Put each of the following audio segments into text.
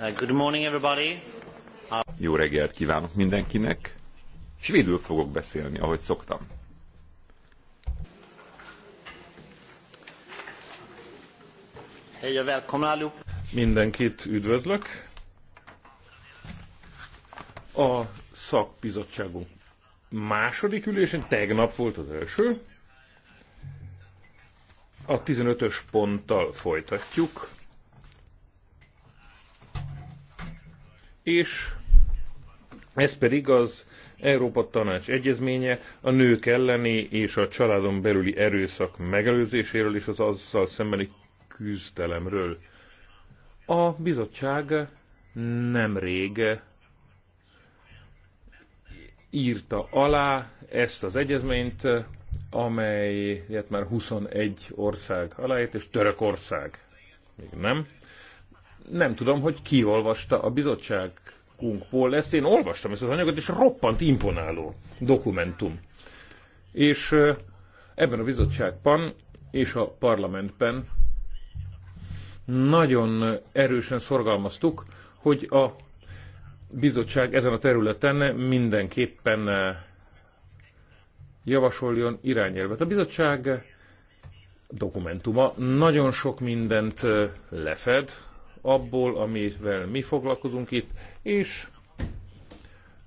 Uh, good morning everybody. Jó reggelt kívánok mindenkinek. Svédül fogok beszélni, ahogy szoktam. Hej och Mindenkit üdvözlök. A szakbizottságunk második ülésén, tegnap volt az első. A 15-ös ponttal folytatjuk és ez pedig az Európa Tanács Egyezménye a nők elleni és a családon belüli erőszak megelőzéséről és az azzal szembeni küzdelemről. A bizottság nemrég írta alá ezt az egyezményt, amelyet már 21 ország aláért, és Törökország még nem nem tudom, hogy ki olvasta a Kunkból ezt. Én olvastam ezt az anyagot, és roppant imponáló dokumentum. És ebben a bizottságban és a parlamentben nagyon erősen szorgalmaztuk, hogy a bizottság ezen a területen mindenképpen javasoljon irányelvet. A bizottság dokumentuma nagyon sok mindent lefed, abból, amivel mi foglalkozunk itt, és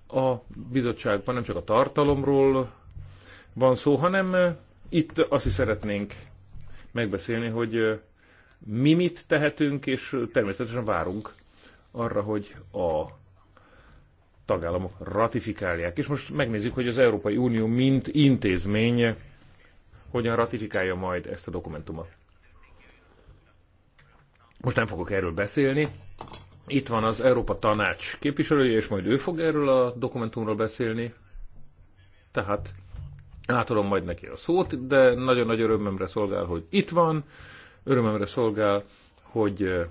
a bizottságban nem csak a tartalomról van szó, hanem eh, itt azt is szeretnénk megbeszélni, hogy eh, mi mit tehetünk, és természetesen várunk arra, hogy a tagállamok ratifikálják. És most megnézzük, hogy az Európai Unió mint intézmény hogyan ratifikálja majd ezt a dokumentumot. Most nem fogok erről beszélni. Itt van az Európa Tanács képviselője, és majd ő fog erről a dokumentumról beszélni. Tehát átadom majd neki a szót, de nagyon nagy örömömre szolgál, hogy itt van. Örömömre szolgál, hogy eh,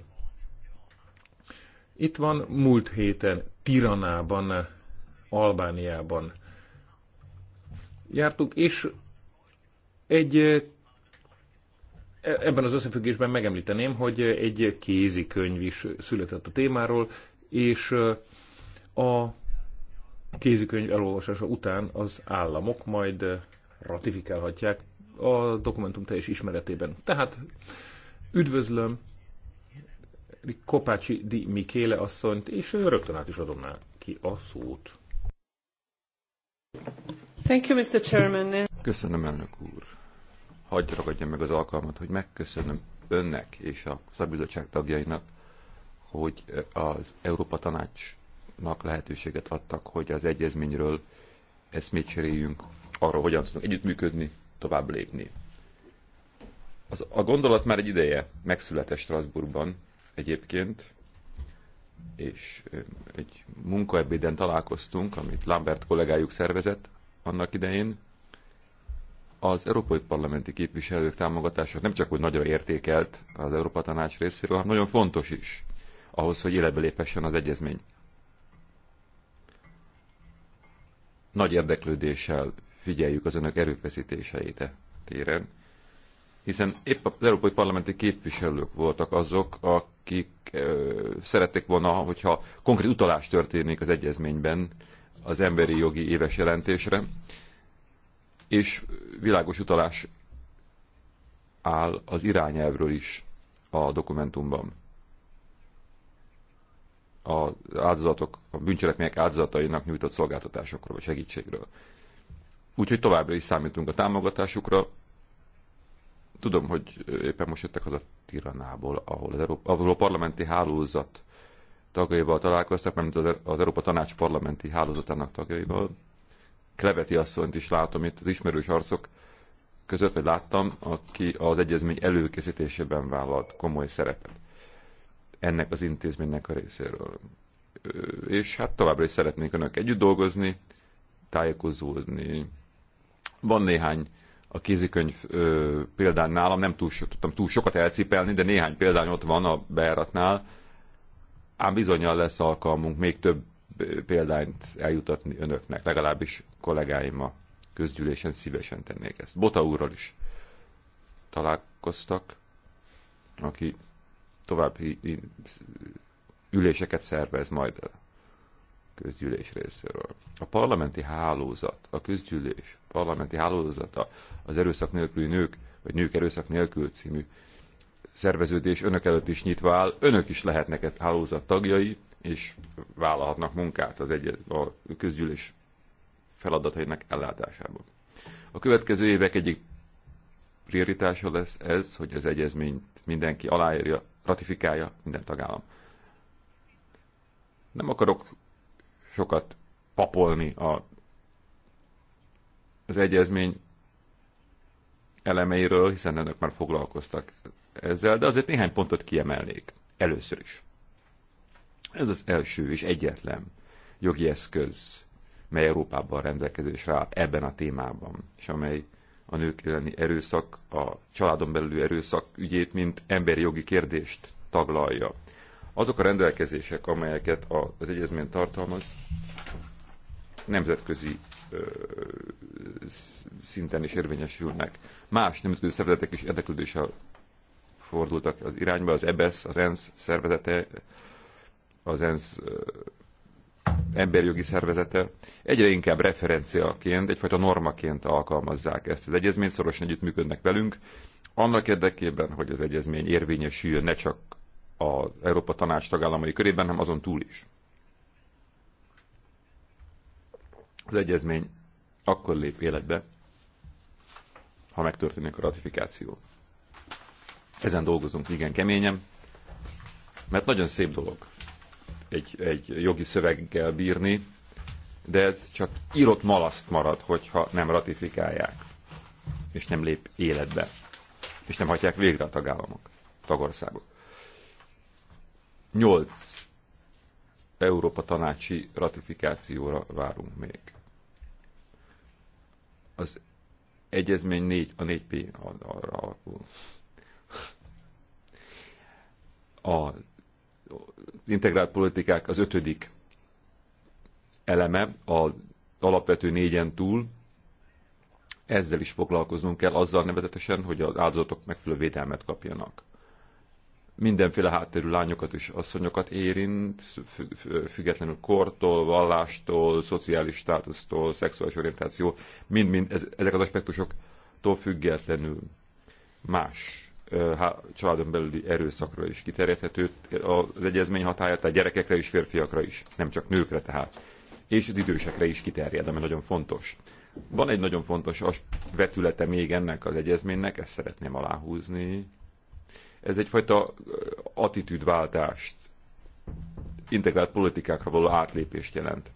itt van múlt héten Tiranában, Albániában jártuk és egy eh, Ebben az összefüggésben megemlíteném, hogy egy kézikönyv is született a témáról, és a kézikönyv elolvasása után az államok majd ratifikálhatják a dokumentum teljes ismeretében. Tehát üdvözlöm Kopácsi Di Mikéle asszonyt, és rögtön át is adom ki a szót. Thank you, Mr. Chairman. Köszönöm, elnök úr hagy ragadjam meg az alkalmat, hogy megköszönöm önnek és a szakbizottság tagjainak, hogy eh, az Európa Tanácsnak lehetőséget adtak, hogy az egyezményről eszmét cseréljünk arra, hogyan tudunk együttműködni, tovább lépni. Az, a gondolat már egy ideje megszületett Strasbourgban egyébként, és eh, egy munkaebéden találkoztunk, amit Lambert kollégájuk szervezett annak idején, az európai parlamenti képviselők támogatása nem csak úgy nagyon értékelt az Európa Tanács részéről, hanem nagyon fontos is ahhoz, hogy életbe léphessen az egyezmény. Nagy érdeklődéssel figyeljük az önök erőfeszítéseit -e téren, hiszen épp az európai parlamenti képviselők voltak azok, akik ö, szerették volna, hogyha konkrét utalás történik az egyezményben az emberi jogi éves jelentésre, és világos utalás áll az irányelvről is a dokumentumban. a áldozatok, a bűncselekmények áldozatainak nyújtott szolgáltatásokról vagy segítségről. Úgyhogy továbbra is számítunk a támogatásukra. Tudom, hogy éppen most jöttek haza Tiranából, ahol, az Európa, ahol a parlamenti hálózat tagjaival találkoztak, mert az Európa Tanács parlamenti hálózatának tagjaival, Kleveti asszonyt is látom itt az ismerős arcok között, vagy láttam, aki az egyezmény előkészítésében vállalt komoly szerepet ennek az intézménynek a részéről. És hát továbbra is szeretnék önök együtt dolgozni, tájékozódni. Van néhány a kézikönyv ö, példán nálam, nem túl, tudtam túl sokat elcipelni, de néhány példány ott van a beáratnál, ám bizonyal lesz alkalmunk még több példányt eljutatni önöknek, legalábbis kollégáim a közgyűlésen szívesen tennék ezt. Bota úrral is találkoztak, aki további üléseket szervez majd a közgyűlés részéről. A parlamenti hálózat, a közgyűlés parlamenti hálózata az erőszak nélküli nők, vagy nők erőszak nélkül című szerveződés önök előtt is nyitva áll, önök is lehetnek egy hálózat tagjai, és vállalhatnak munkát az egy, a közgyűlés feladatainak ellátásában. A következő évek egyik prioritása lesz ez, hogy az egyezményt mindenki aláírja, ratifikálja minden tagállam. Nem akarok sokat papolni a, az egyezmény elemeiről, hiszen ennek már foglalkoztak ezzel, de azért néhány pontot kiemelnék. Először is. Ez az első és egyetlen jogi eszköz, mely Európában rendelkezésre áll ebben a témában, és amely a nők elleni erőszak, a családon belüli erőszak ügyét, mint emberi jogi kérdést taglalja. Azok a rendelkezések, amelyeket az egyezmény tartalmaz, nemzetközi ö, szinten is érvényesülnek. Más nemzetközi szervezetek is érdeklődéssel fordultak az irányba, az EBS, e az ENSZ szervezete, az ENSZ emberjogi szervezete egyre inkább referenciaként, egyfajta normaként alkalmazzák ezt az egyezmény szorosan együttműködnek velünk, annak érdekében, hogy az egyezmény érvényesüljön ne csak az Európa Tanács tagállamai körében, hanem azon túl is. Az egyezmény akkor lép életbe, ha megtörténik a ratifikáció. Ezen dolgozunk igen keményen, mert nagyon szép dolog egy, egy jogi szöveggel bírni, de ez csak írott malaszt marad, hogyha nem ratifikálják, és nem lép életbe, és nem hagyják végre a tagállamok, tagországok. Nyolc Európa tanácsi ratifikációra várunk még. Az egyezmény négy, a 4P arra alakul. A integrált politikák az ötödik eleme, az alapvető négyen túl, ezzel is foglalkoznunk kell, azzal nevezetesen, hogy az áldozatok megfelelő védelmet kapjanak. Mindenféle hátterű lányokat és asszonyokat érint, függetlenül kortól, vallástól, szociális státusztól, szexuális orientáció, mind-mind ezek az aspektusoktól függetlenül más családon belüli erőszakra is kiterjedhető az egyezmény hatája, tehát gyerekekre is, férfiakra is, nem csak nőkre tehát. És az idősekre is kiterjed, ami nagyon fontos. Van egy nagyon fontos vetülete még ennek az egyezménynek, ezt szeretném aláhúzni. Ez egyfajta attitűdváltást, integrált politikákra való átlépést jelent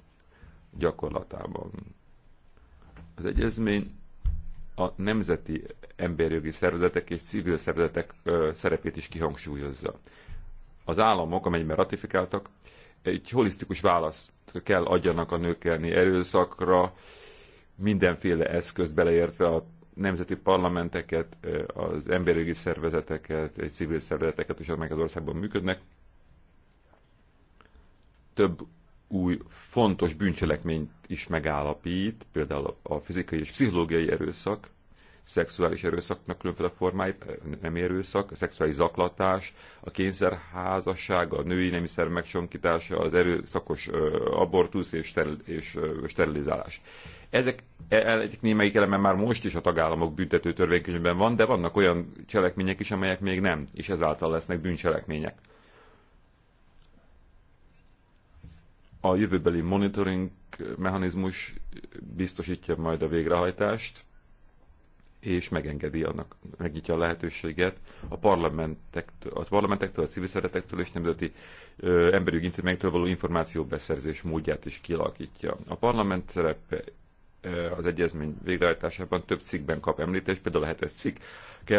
gyakorlatában. Az egyezmény a nemzeti emberjogi szervezetek és civil szervezetek szerepét is kihangsúlyozza. Az államok, amelyben ratifikáltak, egy holisztikus választ kell adjanak a nők elleni erőszakra, mindenféle eszköz beleértve a nemzeti parlamenteket, az emberjogi szervezeteket, egy civil szervezeteket és amelyek az országban működnek. Több új fontos bűncselekményt is megállapít, például a fizikai és pszichológiai erőszak, szexuális erőszaknak különféle formái, nem erőszak, a szexuális zaklatás, a kényszerházasság, a női nemiszer megcsonkítása, az erőszakos abortusz és, steril, és sterilizálás. Ezek e, e, egyik némelyik eleme már most is a tagállamok büntető törvénykönyvben van, de vannak olyan cselekmények is, amelyek még nem, és ezáltal lesznek bűncselekmények. A jövőbeli monitoring mechanizmus biztosítja majd a végrehajtást, és megengedi annak, megnyitja a lehetőséget a parlamentektől, az parlamentektől, a civil szeretektől és nemzeti ö, emberi intézményektől való információ beszerzés módját is kialakítja. A parlament szerepe az egyezmény végrehajtásában több cikkben kap említést, például a hetes cikk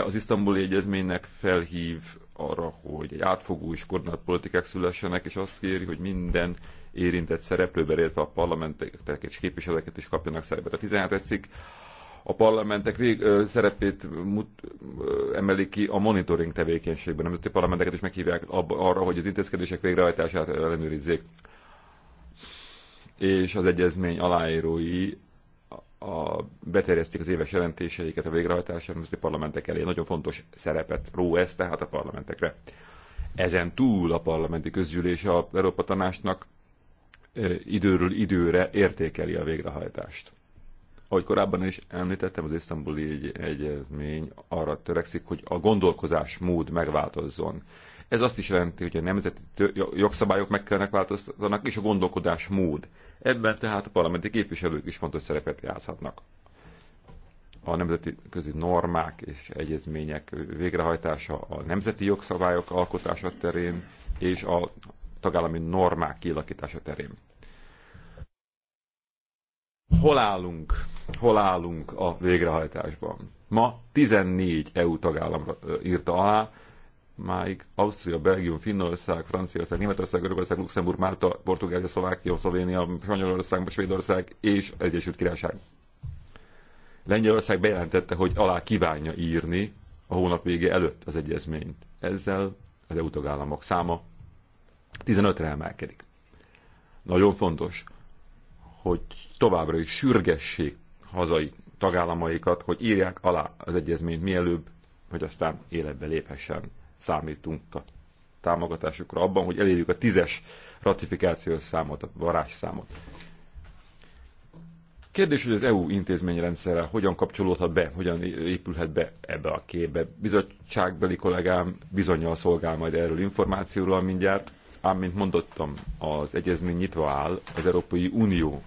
az isztambuli egyezménynek felhív arra, hogy egy átfogó és koordinált politikák szülessenek, és azt kéri, hogy minden érintett szereplőben, illetve a parlamenteket és képviselőket is kapjanak szerepet. A 17. cikk a parlamentek vég, ö, szerepét mut, ö, emeli ki a monitoring tevékenységben. Nemzeti parlamenteket is meghívják ab, arra, hogy az intézkedések végrehajtását ellenőrizzék. És az egyezmény aláírói a, beterjesztik az éves jelentéseiket a végrehajtásra a nemzeti parlamentek elé. Nagyon fontos szerepet ró ez tehát a parlamentekre. Ezen túl a parlamenti közgyűlés a Európa Tanácsnak időről időre értékeli a végrehajtást ahogy korábban is említettem, az isztambuli egy egyezmény arra törekszik, hogy a gondolkozás mód megváltozzon. Ez azt is jelenti, hogy a nemzeti jogszabályok meg kellene változtatnak, és a gondolkodás mód. Ebben tehát a parlamenti képviselők is fontos szerepet játszhatnak. A nemzeti közi normák és egyezmények végrehajtása, a nemzeti jogszabályok alkotása terén és a tagállami normák kialakítása terén. Hol állunk? Hol állunk a végrehajtásban? Ma 14 EU tagállamra írta alá, máig Ausztria, Belgium, Finnország, Franciaország, Németország, Görögország, Luxemburg, Málta, Portugália, Szlovákia, Szlovénia, Spanyolország, Svédország és Egyesült Királyság. Lengyelország bejelentette, hogy alá kívánja írni a hónap vége előtt az egyezményt. Ezzel az EU tagállamok száma 15-re emelkedik. Nagyon fontos, hogy továbbra is sürgessék hazai tagállamaikat, hogy írják alá az egyezményt mielőbb, hogy aztán életbe léphessen. Számítunk a támogatásukra abban, hogy elérjük a tízes ratifikációs számot, a varázsszámot. Kérdés, hogy az EU intézményrendszere hogyan kapcsolódhat be, hogyan épülhet be ebbe a képbe. Bizottságbeli kollégám bizonyal szolgál majd erről információról mindjárt, ám mint mondottam, az egyezmény nyitva áll az Európai Unió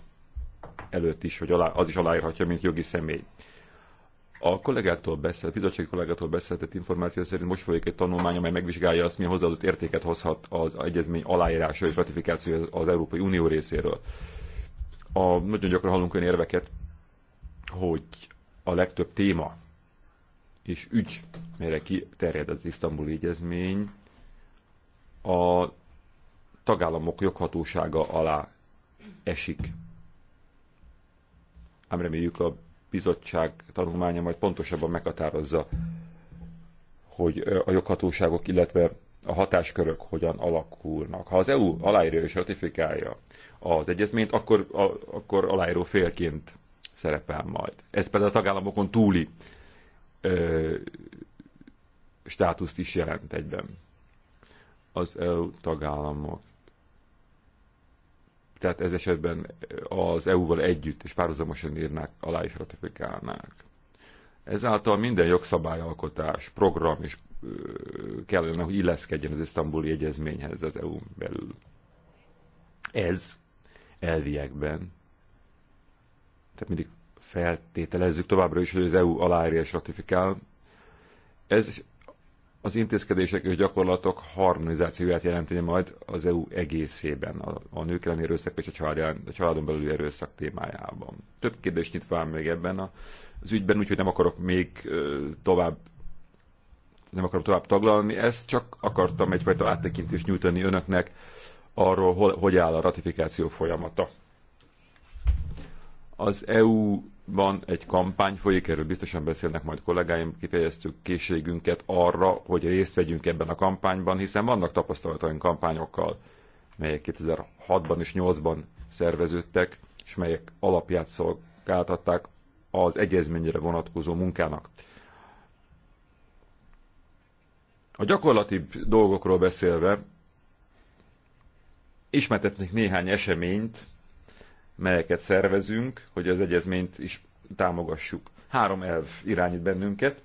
előtt is, hogy alá, az is aláírhatja, mint jogi személy. A kollégától beszélt, bizottsági kollégától beszéltett információ szerint most folyik egy tanulmány, amely megvizsgálja azt, mi hozzáadott értéket hozhat az egyezmény aláírása és ratifikációja az Európai Unió részéről. A, nagyon gyakran hallunk olyan érveket, hogy a legtöbb téma és ügy, melyre kiterjed az isztambuli egyezmény, a tagállamok joghatósága alá esik ám reméljük a bizottság tanulmánya majd pontosabban meghatározza, hogy a joghatóságok, illetve a hatáskörök hogyan alakulnak. Ha az EU aláírja és ratifikálja az egyezményt, akkor, a, akkor aláíró félként szerepel majd. Ez például a tagállamokon túli ö, státuszt is jelent egyben. Az EU tagállamok tehát ez esetben az EU-val együtt és párhuzamosan írnák alá is ratifikálnák. Ezáltal minden jogszabályalkotás, program is kellene, hogy illeszkedjen az isztambuli egyezményhez az EU-n belül. Ez elviekben. Tehát mindig feltételezzük továbbra is, hogy az EU aláírja és ratifikál. Ez az intézkedések és gyakorlatok harmonizációját jelenteni majd az EU egészében, a, a nők elleni erőszak és a, családján, a családon belüli erőszak témájában. Több kérdés nyitva még ebben a, az ügyben, úgyhogy nem akarok még ö, tovább nem akarom tovább taglalni ezt, csak akartam egyfajta áttekintést nyújtani önöknek arról, hol, hogy áll a ratifikáció folyamata. Az EU van egy kampány folyik, erről biztosan beszélnek majd kollégáim, kifejeztük készségünket arra, hogy részt vegyünk ebben a kampányban, hiszen vannak tapasztalataink kampányokkal, melyek 2006-ban és 2008-ban szerveződtek, és melyek alapját szolgáltatták az egyezményre vonatkozó munkának. A gyakorlati dolgokról beszélve ismertetnék néhány eseményt, melyeket szervezünk, hogy az egyezményt is támogassuk. Három elv irányít bennünket.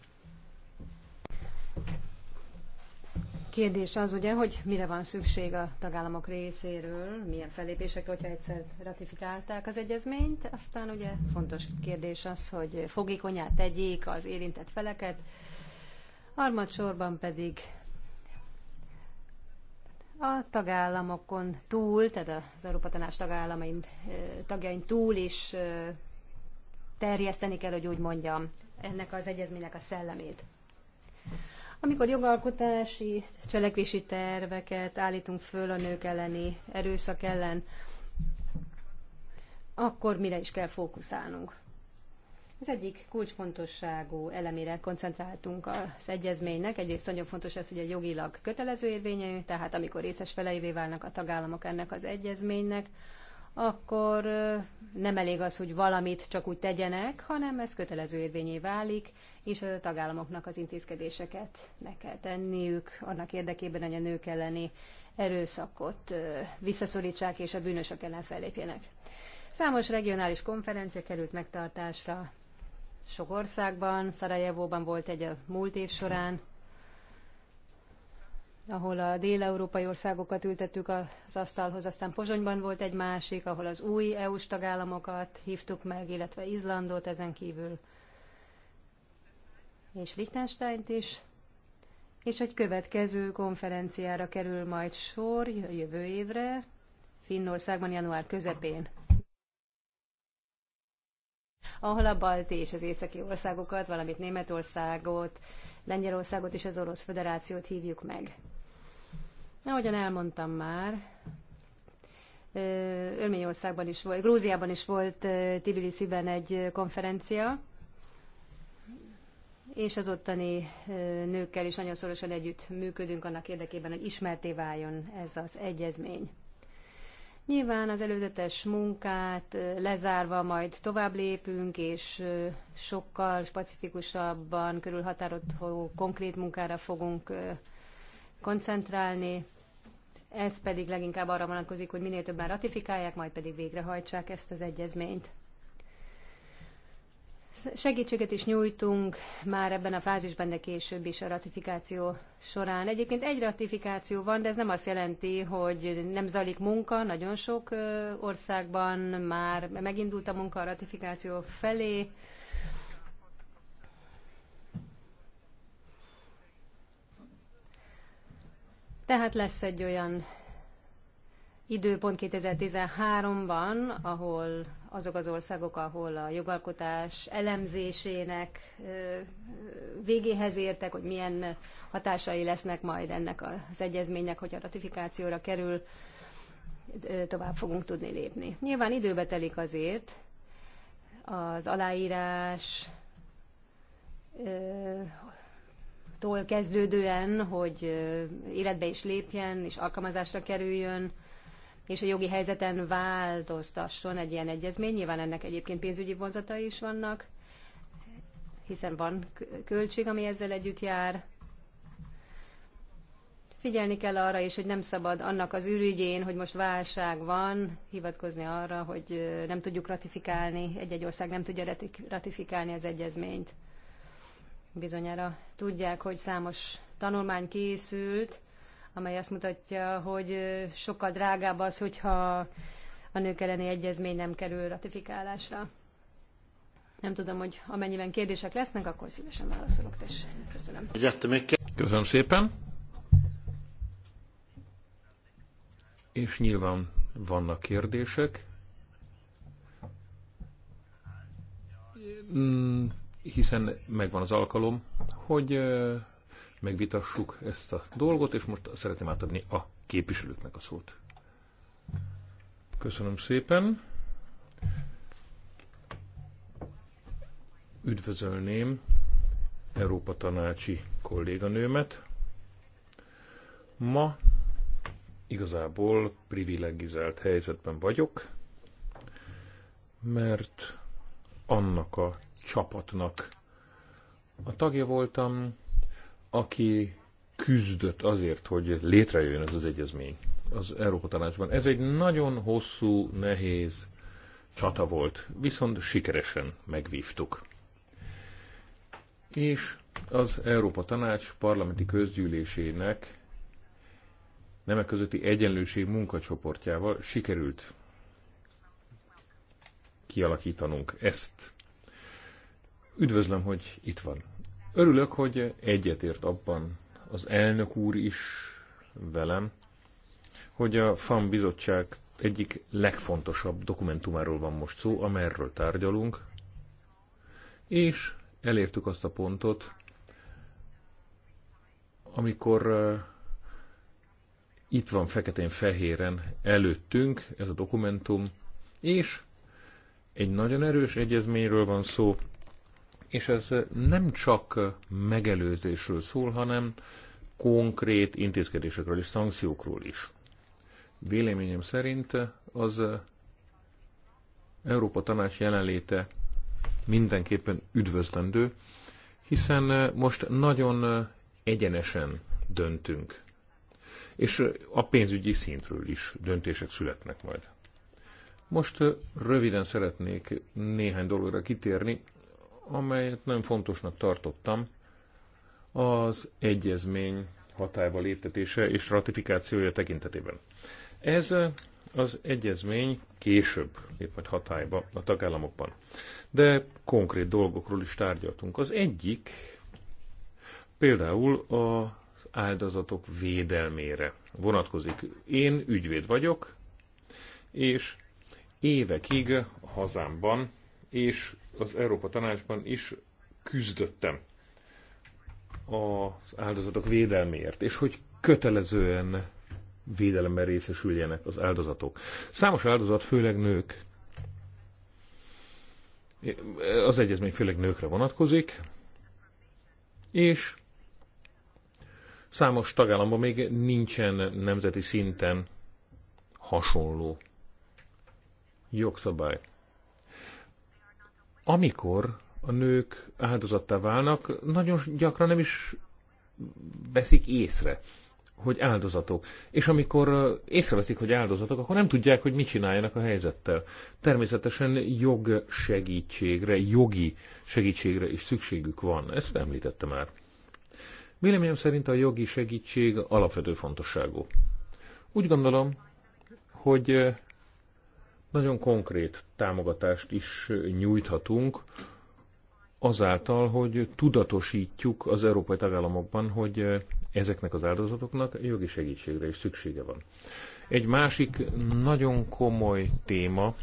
Kérdés az ugye, hogy mire van szükség a tagállamok részéről, milyen fellépésekre, hogyha egyszer ratifikálták az egyezményt. Aztán ugye fontos kérdés az, hogy fogékonyá tegyék az érintett feleket, harmadsorban pedig a tagállamokon túl, tehát az Európa Tanács tagállamain, tagjain túl is terjeszteni kell, hogy úgy mondjam, ennek az egyezménynek a szellemét. Amikor jogalkotási cselekvési terveket állítunk föl a nők elleni erőszak ellen, akkor mire is kell fókuszálnunk? Az egyik kulcsfontosságú elemére koncentráltunk az egyezménynek. Egyrészt nagyon fontos ez, hogy a jogilag kötelező érvényű, tehát amikor részes feleivé válnak a tagállamok ennek az egyezménynek, akkor nem elég az, hogy valamit csak úgy tegyenek, hanem ez kötelező érvényé válik, és a tagállamoknak az intézkedéseket meg kell tenniük annak érdekében, hogy a nők elleni erőszakot visszaszorítsák és a bűnösök ellen fellépjenek. Számos regionális konferencia került megtartásra sok országban, Szarajevóban volt egy a múlt év során, ahol a dél-európai országokat ültettük az asztalhoz, aztán Pozsonyban volt egy másik, ahol az új EU-s tagállamokat hívtuk meg, illetve Izlandot ezen kívül, és Liechtensteint is, és egy következő konferenciára kerül majd sor jövő évre, Finnországban január közepén ahol a balti és az északi országokat, valamint Németországot, Lengyelországot és az Orosz Föderációt hívjuk meg. Ahogyan elmondtam már, Örményországban is volt, Grúziában is volt Tbilisi-ben egy konferencia, és az ottani nőkkel is nagyon szorosan együtt működünk annak érdekében, hogy ismerté váljon ez az egyezmény. Nyilván az előzetes munkát lezárva majd tovább lépünk, és sokkal specifikusabban körülhatárolható konkrét munkára fogunk koncentrálni. Ez pedig leginkább arra vonatkozik, hogy minél többen ratifikálják, majd pedig végrehajtsák ezt az egyezményt segítséget is nyújtunk már ebben a fázisban, de később is a ratifikáció során. Egyébként egy ratifikáció van, de ez nem azt jelenti, hogy nem zajlik munka. Nagyon sok országban már megindult a munka a ratifikáció felé. Tehát lesz egy olyan időpont 2013-ban, ahol azok az országok, ahol a jogalkotás elemzésének végéhez értek, hogy milyen hatásai lesznek majd ennek az egyezménynek, hogy a ratifikációra kerül, tovább fogunk tudni lépni. Nyilván időbe telik azért az aláírás tól kezdődően, hogy életbe is lépjen és alkalmazásra kerüljön, és a jogi helyzeten változtasson egy ilyen egyezmény. Nyilván ennek egyébként pénzügyi vonzatai is vannak, hiszen van költség, ami ezzel együtt jár. Figyelni kell arra is, hogy nem szabad annak az ürügyén, hogy most válság van, hivatkozni arra, hogy nem tudjuk ratifikálni, egy-egy ország nem tudja ratifikálni az egyezményt. Bizonyára tudják, hogy számos tanulmány készült, amely azt mutatja, hogy sokkal drágább az, hogyha a nők elleni egyezmény nem kerül ratifikálásra. Nem tudom, hogy amennyiben kérdések lesznek, akkor szívesen válaszolok, tessék. Köszönöm. Köszönöm szépen. És nyilván vannak kérdések. Mm, hiszen megvan az alkalom, hogy megvitassuk ezt a dolgot, és most szeretném átadni a képviselőknek a szót. Köszönöm szépen. Üdvözölném Európa Tanácsi kolléganőmet. Ma igazából privilegizált helyzetben vagyok, mert annak a csapatnak a tagja voltam, aki küzdött azért, hogy létrejöjjön ez az egyezmény az Európa Tanácsban. Ez egy nagyon hosszú, nehéz csata volt, viszont sikeresen megvívtuk. És az Európa Tanács parlamenti közgyűlésének nemek közötti egyenlőség munkacsoportjával sikerült kialakítanunk ezt. Üdvözlöm, hogy itt van. Örülök, hogy egyetért abban az elnök úr is velem, hogy a FAM bizottság egyik legfontosabb dokumentumáról van most szó, amerről tárgyalunk, és elértük azt a pontot, amikor uh, itt van feketén-fehéren előttünk ez a dokumentum, és egy nagyon erős egyezményről van szó, és ez nem csak megelőzésről szól, hanem konkrét intézkedésekről és szankciókról is. Véleményem szerint az Európa Tanács jelenléte mindenképpen üdvözlendő, hiszen most nagyon egyenesen döntünk. És a pénzügyi szintről is döntések születnek majd. Most röviden szeretnék néhány dologra kitérni, amelyet nem fontosnak tartottam, az egyezmény hatályba léptetése és ratifikációja tekintetében. Ez az egyezmény később lép majd hatályba a tagállamokban. De konkrét dolgokról is tárgyaltunk. Az egyik például az áldozatok védelmére vonatkozik. Én ügyvéd vagyok, és évekig a hazámban és az Európa Tanácsban is küzdöttem az áldozatok védelméért, és hogy kötelezően védelemben részesüljenek az áldozatok. Számos áldozat, főleg nők, az egyezmény főleg nőkre vonatkozik, és számos tagállamban még nincsen nemzeti szinten hasonló jogszabály. Amikor a nők áldozattá válnak, nagyon gyakran nem is veszik észre, hogy áldozatok. És amikor észreveszik, hogy áldozatok, akkor nem tudják, hogy mit csináljanak a helyzettel. Természetesen segítségre, jogi segítségre is szükségük van. Ezt említette már. Véleményem szerint a jogi segítség alapvető fontosságú. Úgy gondolom, hogy nagyon konkrét támogatást is nyújthatunk, azáltal, hogy tudatosítjuk az európai tagállamokban, hogy ezeknek az áldozatoknak jogi segítségre is szüksége van. Egy másik nagyon komoly téma,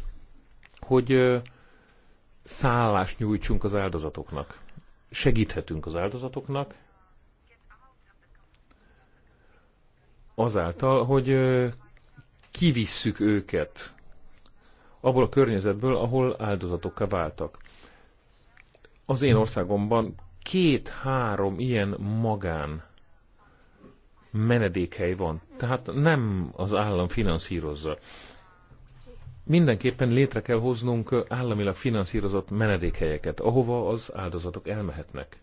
hogy szállást nyújtsunk az áldozatoknak. Segíthetünk az áldozatoknak, azáltal, hogy kivisszük őket abból a környezetből, ahol áldozatokká váltak. Az én országomban két-három ilyen magán menedékhely van, tehát nem az állam finanszírozza. Mindenképpen létre kell hoznunk államilag finanszírozott menedékhelyeket, ahova az áldozatok elmehetnek.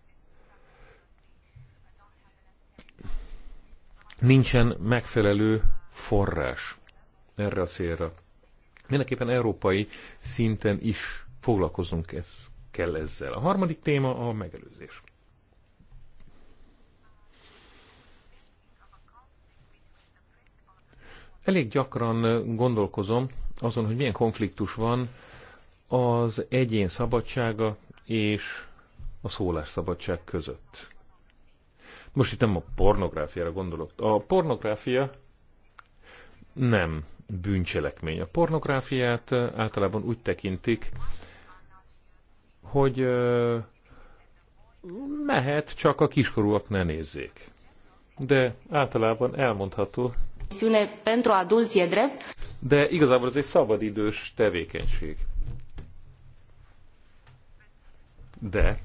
Nincsen megfelelő forrás erre a célra. Mindenképpen európai szinten is foglalkozunk ez, kell ezzel. A harmadik téma a megelőzés. Elég gyakran gondolkozom azon, hogy milyen konfliktus van az egyén szabadsága és a szólásszabadság között. Most itt nem a pornográfiára gondolok. A pornográfia nem bűncselekmény. A pornográfiát általában úgy tekintik, hogy mehet, csak a kiskorúak ne nézzék. De általában elmondható. E De igazából ez egy szabadidős tevékenység. De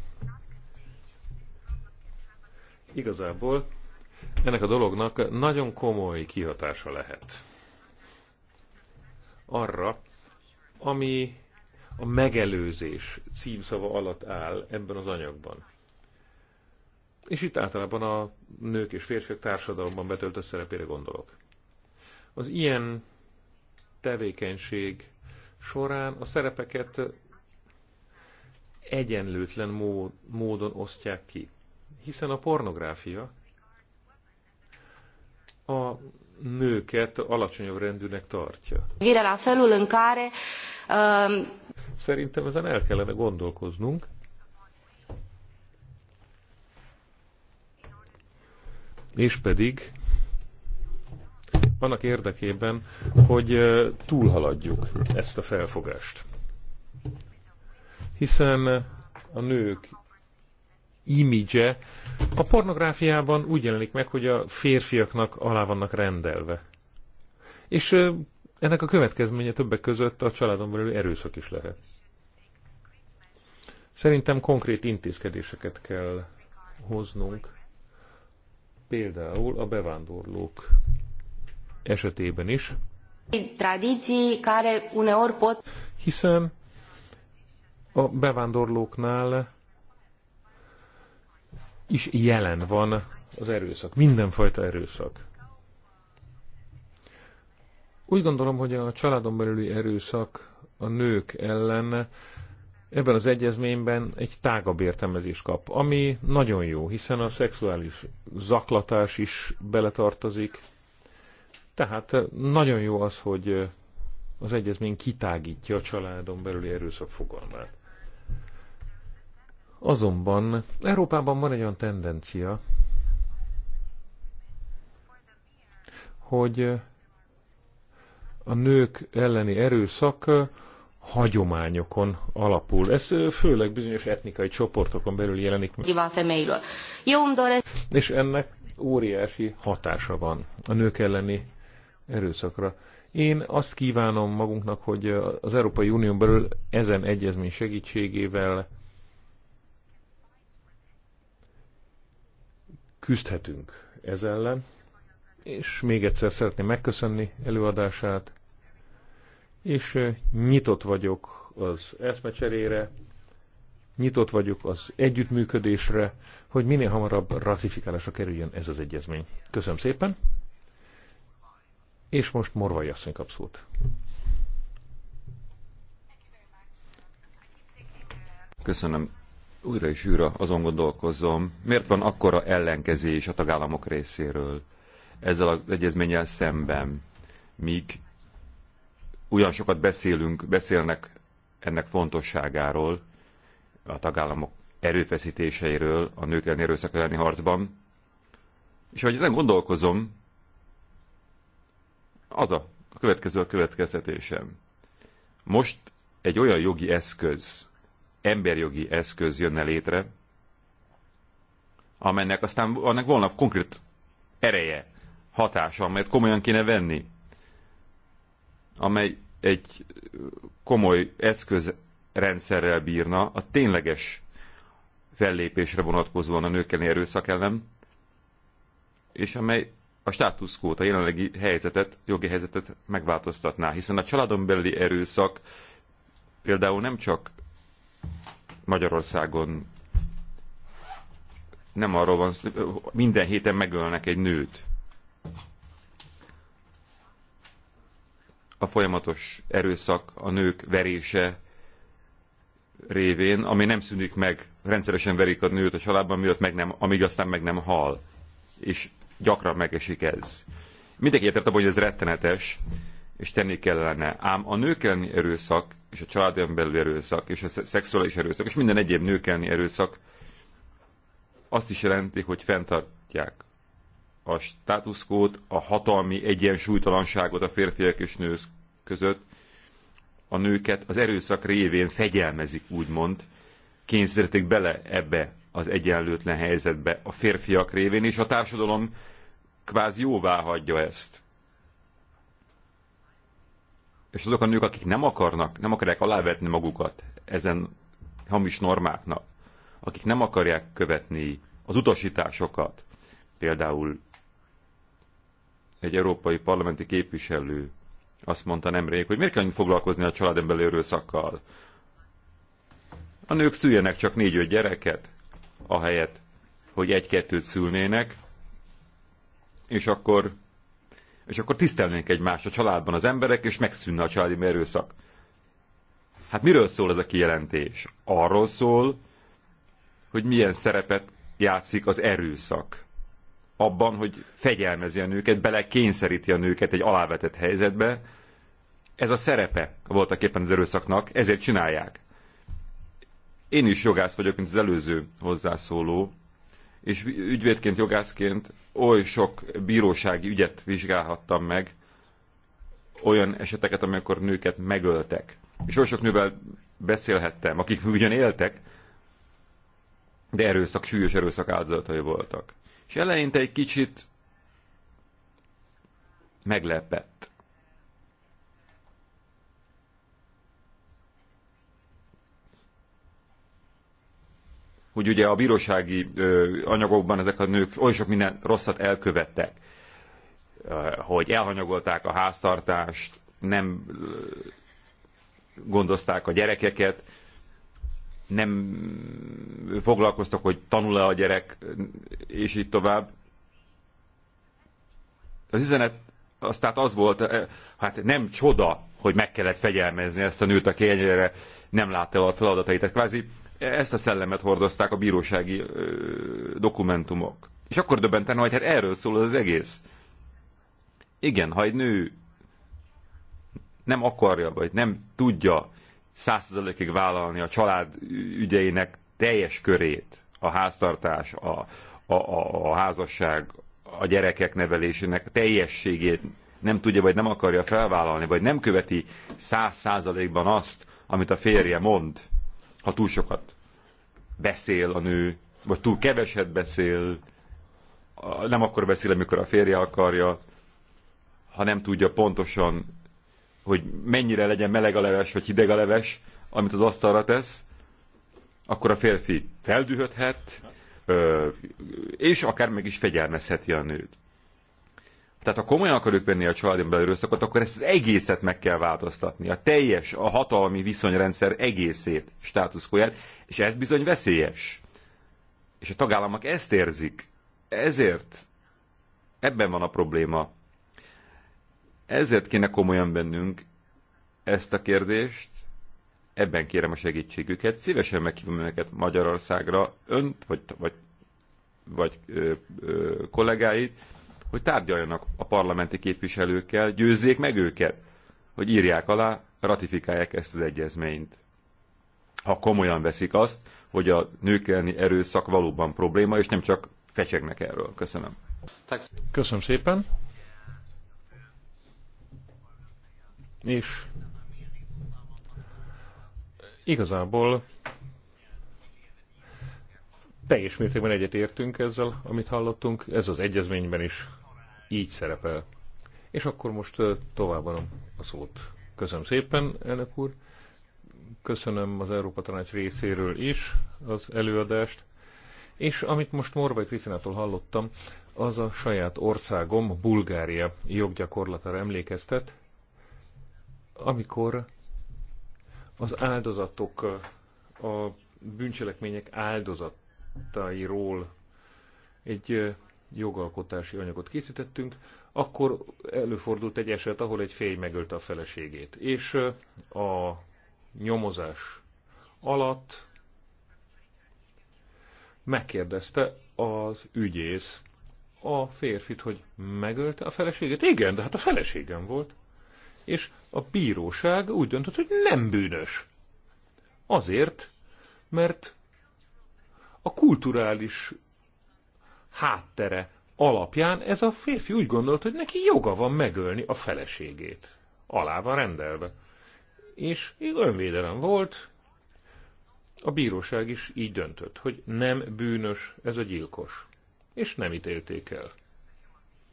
igazából ennek a dolognak nagyon komoly kihatása lehet arra, ami a megelőzés címszava alatt áll ebben az anyagban. És itt általában a nők és férfiak társadalomban betöltött szerepére gondolok. Az ilyen tevékenység során a szerepeket egyenlőtlen módon osztják ki. Hiszen a pornográfia a nőket alacsonyabb rendűnek tartja. Virelá felül în care... Um, Szerintem ezen el kellene gondolkoznunk. És pedig annak érdekében, hogy túlhaladjuk ezt a felfogást. Hiszen a nők imidzse a pornográfiában úgy jelenik meg, hogy a férfiaknak alá vannak rendelve. És ennek a következménye többek között a családon belül erőszak is lehet. Szerintem konkrét intézkedéseket kell hoznunk, például a bevándorlók esetében is. Hiszen a bevándorlóknál is jelen van az erőszak, mindenfajta erőszak. Úgy gondolom, hogy a családon belüli erőszak a nők ellen ebben az egyezményben egy tágabb értelmezés kap, ami nagyon jó, hiszen a szexuális zaklatás is beletartozik. Tehát nagyon jó az, hogy az egyezmény kitágítja a családon belüli erőszak fogalmát. Azonban Európában van egy olyan tendencia, hogy a nők elleni erőszak hagyományokon alapul. Ez főleg bizonyos etnikai csoportokon belül jelenik meg. És ennek óriási hatása van a nők elleni erőszakra. Én azt kívánom magunknak, hogy az Európai Unión belül ezen egyezmény segítségével küzdhetünk ez ellen, és még egyszer szeretném megköszönni előadását, és nyitott vagyok az eszmecserére, nyitott vagyok az együttműködésre, hogy minél hamarabb ratifikálásra kerüljön ez az egyezmény. Köszönöm szépen, és most Morvai asszony kap szót. Köszönöm újra és újra azon gondolkozom, miért van akkora ellenkezés a tagállamok részéről ezzel az egyezménnyel szemben, míg ugyan sokat beszélünk, beszélnek ennek fontosságáról, a tagállamok erőfeszítéseiről a nők elleni erőszak elleni harcban. És ahogy ezen gondolkozom, az a, a következő a következtetésem. Most egy olyan jogi eszköz, emberjogi eszköz jönne létre, amennek aztán annak volna konkrét ereje, hatása, amelyet komolyan kéne venni, amely egy komoly eszközrendszerrel bírna a tényleges fellépésre vonatkozóan a nőkeni erőszak ellen, és amely a státuszkót, a jelenlegi helyzetet, jogi helyzetet megváltoztatná, hiszen a családon belüli erőszak például nem csak Magyarországon nem arról van szó, minden héten megölnek egy nőt. A folyamatos erőszak, a nők verése révén, ami nem szűnik meg, rendszeresen verik a nőt a családban, miatt meg nem, amíg aztán meg nem hal. És gyakran megesik ez. Mindenki értett abban, hogy ez rettenetes, és tenni kellene. Ám a nők elleni erőszak és a családon belül erőszak, és a szexuális erőszak, és minden egyéb nőkelni erőszak azt is jelenti, hogy fenntartják a státuszkót, a hatalmi egyensúlytalanságot a férfiak és nők között, a nőket az erőszak révén fegyelmezik, úgymond, kényszerítik bele ebbe az egyenlőtlen helyzetbe a férfiak révén, és a társadalom kvázi jóvá hagyja ezt és azok a nők, akik nem akarnak, nem akarják alávetni magukat ezen hamis normáknak, akik nem akarják követni az utasításokat, például egy európai parlamenti képviselő azt mondta nemrég, hogy miért kell foglalkozni a családon belül erőszakkal. A nők szüljenek csak négy-öt gyereket, ahelyett, hogy egy-kettőt szülnének, és akkor és akkor tisztelnénk egymást a családban az emberek, és megszűnne a családi erőszak. Hát miről szól ez a kijelentés? Arról szól, hogy milyen szerepet játszik az erőszak. Abban, hogy fegyelmezi a nőket, bele kényszeríti a nőket egy alávetett helyzetbe. Ez a szerepe voltak éppen az erőszaknak, ezért csinálják. Én is jogász vagyok, mint az előző hozzászóló, és ügyvédként, jogászként oly sok bírósági ügyet vizsgálhattam meg, olyan eseteket, amikor nőket megöltek. És oly sok nővel beszélhettem, akik ugyan éltek, de erőszak, súlyos erőszak áldozatai voltak. És eleinte egy kicsit meglepett. hogy ugye a bírósági anyagokban ezek a nők oly sok minden rosszat elkövettek, hogy elhanyagolták a háztartást, nem gondozták a gyerekeket, nem foglalkoztak, hogy tanul-e a gyerek, és így tovább. Az üzenet az tehát az volt, hát nem csoda, hogy meg kellett fegyelmezni ezt a nőt, aki ennyire nem látta a feladatait. Tehát kvázi ezt a szellemet hordozták a bírósági ö, dokumentumok. És akkor döbbenten, hogy hát erről szól az egész. Igen, ha egy nő nem akarja, vagy nem tudja százszerzalékig vállalni a család ügyeinek teljes körét, a háztartás, a, a, a, a házasság, a gyerekek nevelésének teljességét nem tudja, vagy nem akarja felvállalni, vagy nem követi száz százalékban azt, amit a férje mond, ha túl sokat beszél a nő, vagy túl keveset beszél, nem akkor beszél, amikor a férje akarja, ha nem tudja pontosan, hogy mennyire legyen meleg a leves, vagy hideg a leves, amit az asztalra tesz, akkor a férfi feldühödhet, és akár meg is fegyelmezheti a nőt. Tehát ha komolyan akarjuk venni a családon belül erőszakot, akkor ezt az egészet meg kell változtatni. A teljes, a hatalmi viszonyrendszer egészét, státuszkóját, és ez bizony veszélyes. És a tagállamok ezt érzik. Ezért ebben van a probléma. Ezért kéne komolyan bennünk ezt a kérdést, ebben kérem a segítségüket. Szívesen meghívom önöket Magyarországra, önt vagy, vagy, vagy ö, ö, kollégáit, hogy tárgyaljanak a parlamenti képviselőkkel, győzzék meg őket, hogy írják alá, ratifikálják ezt az egyezményt. Ha komolyan veszik azt, hogy a nők elleni erőszak valóban probléma, és nem csak fecsegnek erről. Köszönöm. Köszönöm szépen. És igazából teljes mértékben egyetértünk ezzel, amit hallottunk. Ez az egyezményben is így szerepel. És akkor most továbbadom a szót. Köszönöm szépen, elnök úr. Köszönöm az Európa Tanács részéről is az előadást. És amit most Morvai Krisztinától hallottam, az a saját országom, Bulgária joggyakorlatára emlékeztet, amikor az áldozatok, a bűncselekmények áldozatairól egy jogalkotási anyagot készítettünk, akkor előfordult egy eset, ahol egy fény megölte a feleségét. És a nyomozás alatt megkérdezte az ügyész a férfit, hogy megölte a feleségét? Igen, de hát a feleségem volt. És a bíróság úgy döntött, hogy nem bűnös. Azért, mert a kulturális háttere alapján ez a férfi úgy gondolt, hogy neki joga van megölni a feleségét. Alá van rendelve. És így önvédelem volt, a bíróság is így döntött, hogy nem bűnös ez a gyilkos. És nem ítélték el.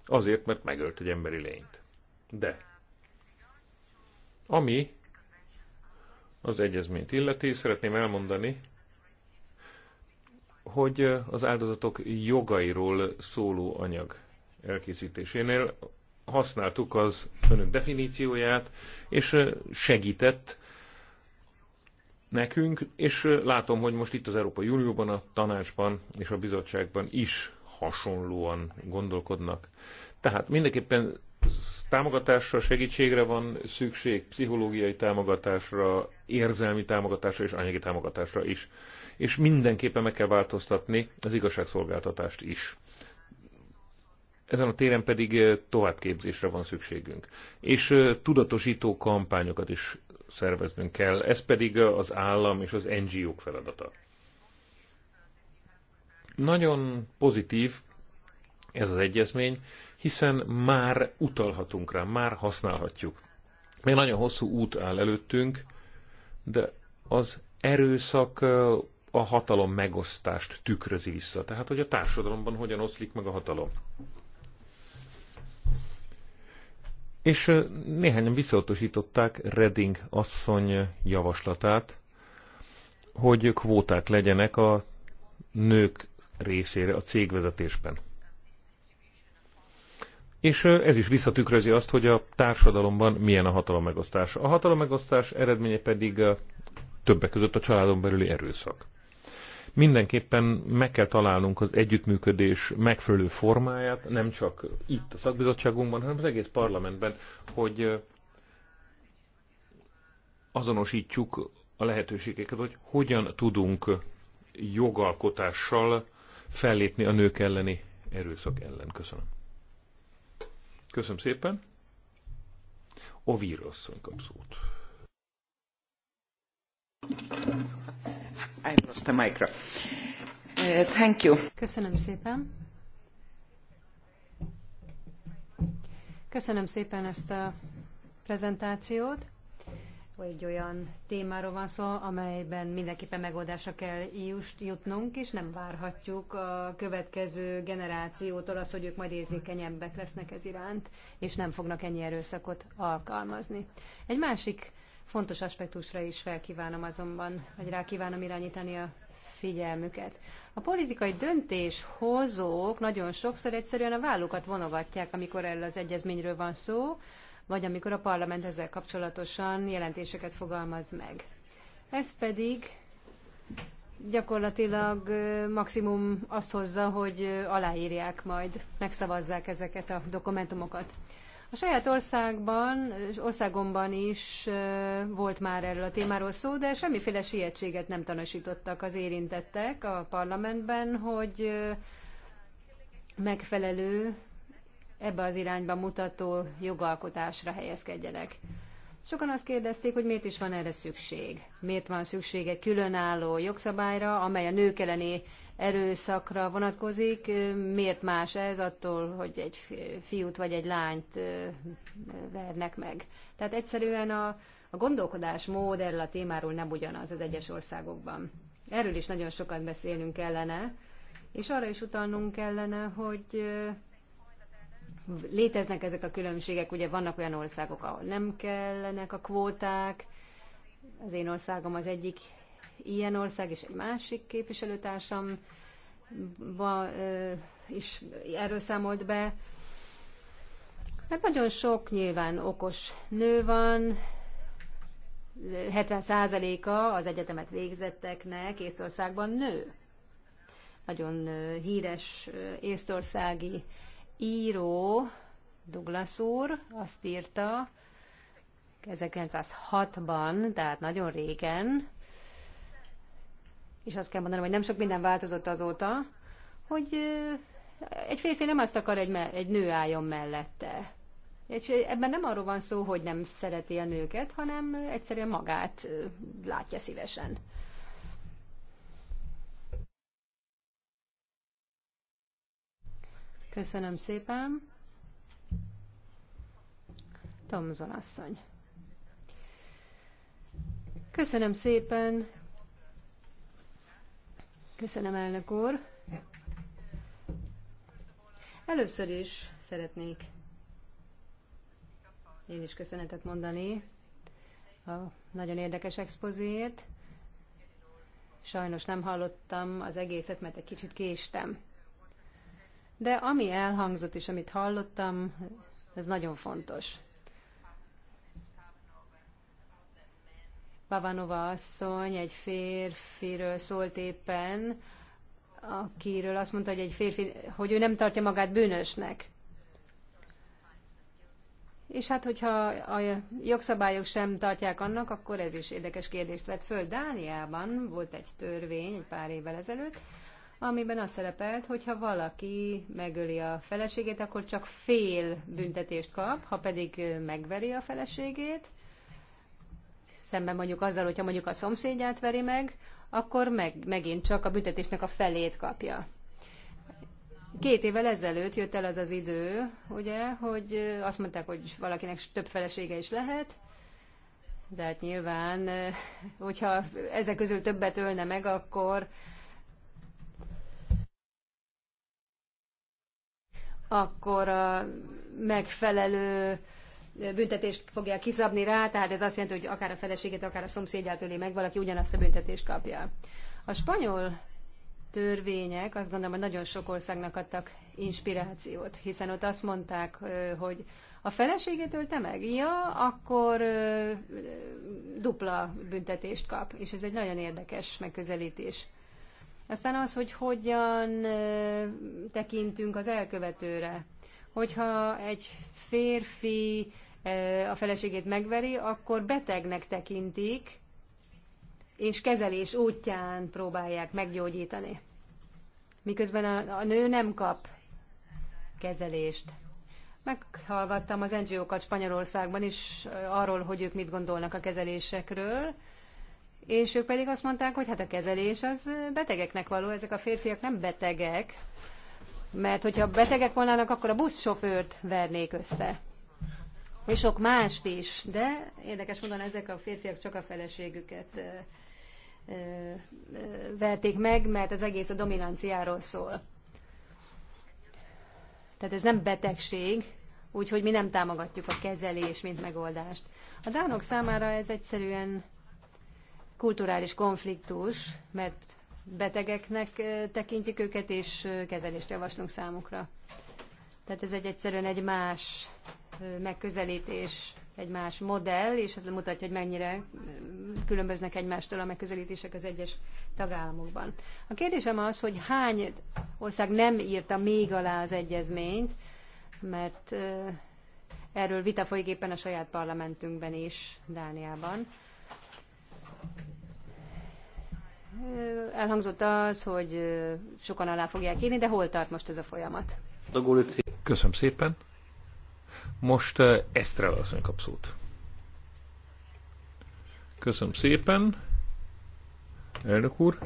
Azért, mert megölt egy emberi lényt. De ami az egyezményt illeti, szeretném elmondani, hogy az áldozatok jogairól szóló anyag elkészítésénél használtuk az önök definícióját, és segített nekünk, és látom, hogy most itt az Európai Unióban, a tanácsban és a bizottságban is hasonlóan gondolkodnak. Tehát mindenképpen támogatásra, segítségre van szükség, pszichológiai támogatásra, érzelmi támogatásra és anyagi támogatásra is és mindenképpen meg kell változtatni az igazságszolgáltatást is. Ezen a téren pedig továbbképzésre van szükségünk. És tudatosító kampányokat is szerveznünk kell. Ez pedig az állam és az NGO-k feladata. Nagyon pozitív ez az egyezmény, hiszen már utalhatunk rá, már használhatjuk. Még nagyon hosszú út áll előttünk, de az erőszak a hatalom megosztást tükrözi vissza. Tehát, hogy a társadalomban hogyan oszlik meg a hatalom. És néhányan visszautasították Redding asszony javaslatát, hogy kvóták legyenek a nők részére a cégvezetésben. És ez is visszatükrözi azt, hogy a társadalomban milyen a hatalom megosztás. A hatalom megosztás eredménye pedig többek között a családon belüli erőszak. Mindenképpen meg kell találnunk az együttműködés megfelelő formáját, nem csak itt a szakbizottságunkban, hanem az egész parlamentben, hogy azonosítsuk a lehetőségeket, hogy hogyan tudunk jogalkotással fellépni a nők elleni erőszak ellen. Köszönöm. Köszönöm szépen. Ovír asszony kap szót. Uh, Köszönöm szépen. Köszönöm szépen ezt a prezentációt. Egy olyan témáról van szó, amelyben mindenképpen megoldásra kell jutnunk, és nem várhatjuk a következő generációtól azt, hogy ők majd érzékenyebbek lesznek ez iránt, és nem fognak ennyi erőszakot alkalmazni. Egy másik Fontos aspektusra is felkívánom azonban, vagy rá kívánom irányítani a figyelmüket. A politikai döntéshozók nagyon sokszor egyszerűen a vállukat vonogatják, amikor el az egyezményről van szó, vagy amikor a parlament ezzel kapcsolatosan jelentéseket fogalmaz meg. Ez pedig gyakorlatilag maximum azt hozza, hogy aláírják majd, megszavazzák ezeket a dokumentumokat. A saját országban, országomban is volt már erről a témáról szó, de semmiféle sietséget nem tanúsítottak az érintettek a parlamentben, hogy megfelelő, ebbe az irányba mutató jogalkotásra helyezkedjenek. Sokan azt kérdezték, hogy miért is van erre szükség. Miért van szükség egy különálló jogszabályra, amely a nők elleni erőszakra vonatkozik. Miért más ez attól, hogy egy fiút vagy egy lányt vernek meg? Tehát egyszerűen a, a gondolkodás mód erről a témáról nem ugyanaz az egyes országokban. Erről is nagyon sokat beszélnünk kellene, és arra is utalnunk kellene, hogy léteznek ezek a különbségek, ugye vannak olyan országok, ahol nem kellenek a kvóták, az én országom az egyik ilyen ország, és egy másik képviselőtársam is erről számolt be. Hát nagyon sok nyilván okos nő van, 70%-a az egyetemet végzetteknek Észországban nő. Nagyon híres észországi író, Douglas úr azt írta 1906-ban, tehát nagyon régen, és azt kell mondanom, hogy nem sok minden változott azóta, hogy egy férfi nem azt akar, egy, egy nő álljon mellette. És ebben nem arról van szó, hogy nem szereti a nőket, hanem egyszerűen magát látja szívesen. Köszönöm szépen. Tomzon asszony. Köszönöm szépen. Köszönöm, elnök úr. Először is szeretnék én is köszönetet mondani a nagyon érdekes expozéért. Sajnos nem hallottam az egészet, mert egy kicsit késtem de ami elhangzott és amit hallottam, ez nagyon fontos. Pavanova asszony egy férfiről szólt éppen, akiről azt mondta, hogy egy férfi, hogy ő nem tartja magát bűnösnek. És hát, hogyha a jogszabályok sem tartják annak, akkor ez is érdekes kérdést vett föl. Dániában volt egy törvény egy pár évvel ezelőtt, amiben az szerepelt, hogy ha valaki megöli a feleségét, akkor csak fél büntetést kap, ha pedig megveri a feleségét, szemben mondjuk azzal, hogyha mondjuk a szomszédját veri meg, akkor meg, megint csak a büntetésnek a felét kapja. Két évvel ezelőtt jött el az az idő, ugye, hogy azt mondták, hogy valakinek több felesége is lehet, de hát nyilván, hogyha ezek közül többet ölne meg, akkor akkor a megfelelő büntetést fogja kiszabni rá, tehát ez azt jelenti, hogy akár a feleséget, akár a szomszédját öli meg, valaki ugyanazt a büntetést kapja. A spanyol törvények azt gondolom, hogy nagyon sok országnak adtak inspirációt, hiszen ott azt mondták, hogy a feleségét ölte meg, ja, akkor dupla büntetést kap, és ez egy nagyon érdekes megközelítés. Aztán az, hogy hogyan tekintünk az elkövetőre. Hogyha egy férfi a feleségét megveri, akkor betegnek tekintik, és kezelés útján próbálják meggyógyítani. Miközben a, a nő nem kap kezelést. Meghallgattam az NGO-kat Spanyolországban is arról, hogy ők mit gondolnak a kezelésekről, és ők pedig azt mondták, hogy hát a kezelés az betegeknek való, ezek a férfiak nem betegek, mert hogyha betegek volnának, akkor a buszsofőrt vernék össze. És sok mást is, de érdekes módon ezek a férfiak csak a feleségüket verték meg, mert az egész a dominanciáról szól. Tehát ez nem betegség, úgyhogy mi nem támogatjuk a kezelés, mint megoldást. A dánok számára ez egyszerűen kulturális konfliktus, mert betegeknek tekintjük őket, és kezelést javaslunk számukra. Tehát ez egy egyszerűen egy más megközelítés, egy más modell, és ez hát mutatja, hogy mennyire különböznek egymástól a megközelítések az egyes tagállamokban. A kérdésem az, hogy hány ország nem írta még alá az egyezményt, mert erről vita folyik éppen a saját parlamentünkben is, Dániában. Elhangzott az, hogy sokan alá fogják írni, de hol tart most ez a folyamat? Köszönöm szépen. Most Esztrel asszony kap szót. Köszönöm szépen. Elnök úr,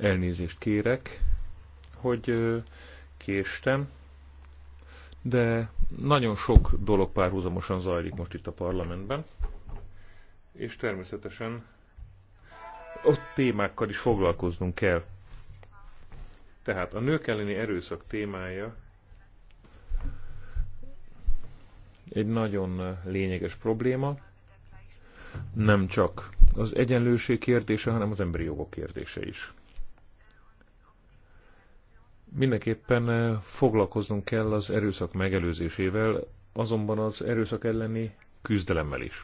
elnézést kérek, hogy késtem, de nagyon sok dolog párhuzamosan zajlik most itt a parlamentben és természetesen ott témákkal is foglalkoznunk kell. Tehát a nők elleni erőszak témája egy nagyon lényeges probléma, nem csak az egyenlőség kérdése, hanem az emberi jogok kérdése is. Mindenképpen eh, foglalkoznunk kell az erőszak megelőzésével, azonban az erőszak elleni küzdelemmel is.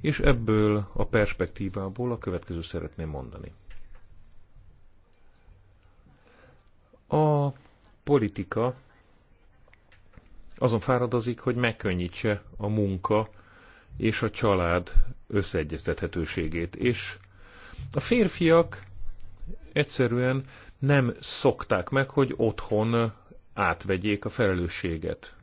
És ebből a perspektívából a következő szeretném mondani. A politika azon fáradozik, hogy megkönnyítse a munka és a család összeegyeztethetőségét. És a férfiak egyszerűen nem szokták meg, hogy otthon átvegyék a felelősséget.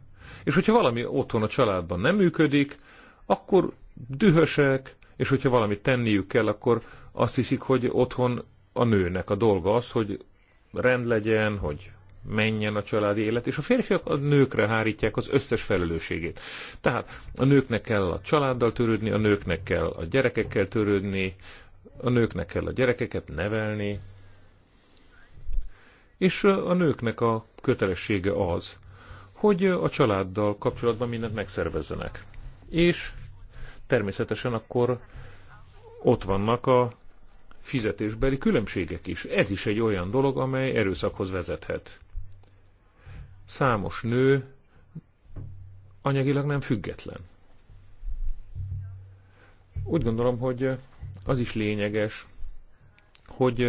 És hogyha valami otthon a családban nem működik, akkor dühösek, és hogyha valamit tenniük kell, akkor azt hiszik, hogy otthon a nőnek a dolga az, hogy rend legyen, hogy menjen a családi élet, és a férfiak a nőkre hárítják az összes felelősségét. Tehát a nőknek kell a családdal törődni, a nőknek kell a gyerekekkel törődni, a nőknek kell a gyerekeket nevelni, és a nőknek a kötelessége az, hogy a családdal kapcsolatban mindent megszervezzenek. És természetesen akkor ott vannak a fizetésbeli különbségek is. Ez is egy olyan dolog, amely erőszakhoz vezethet. Számos nő anyagilag nem független. Úgy gondolom, hogy az is lényeges, hogy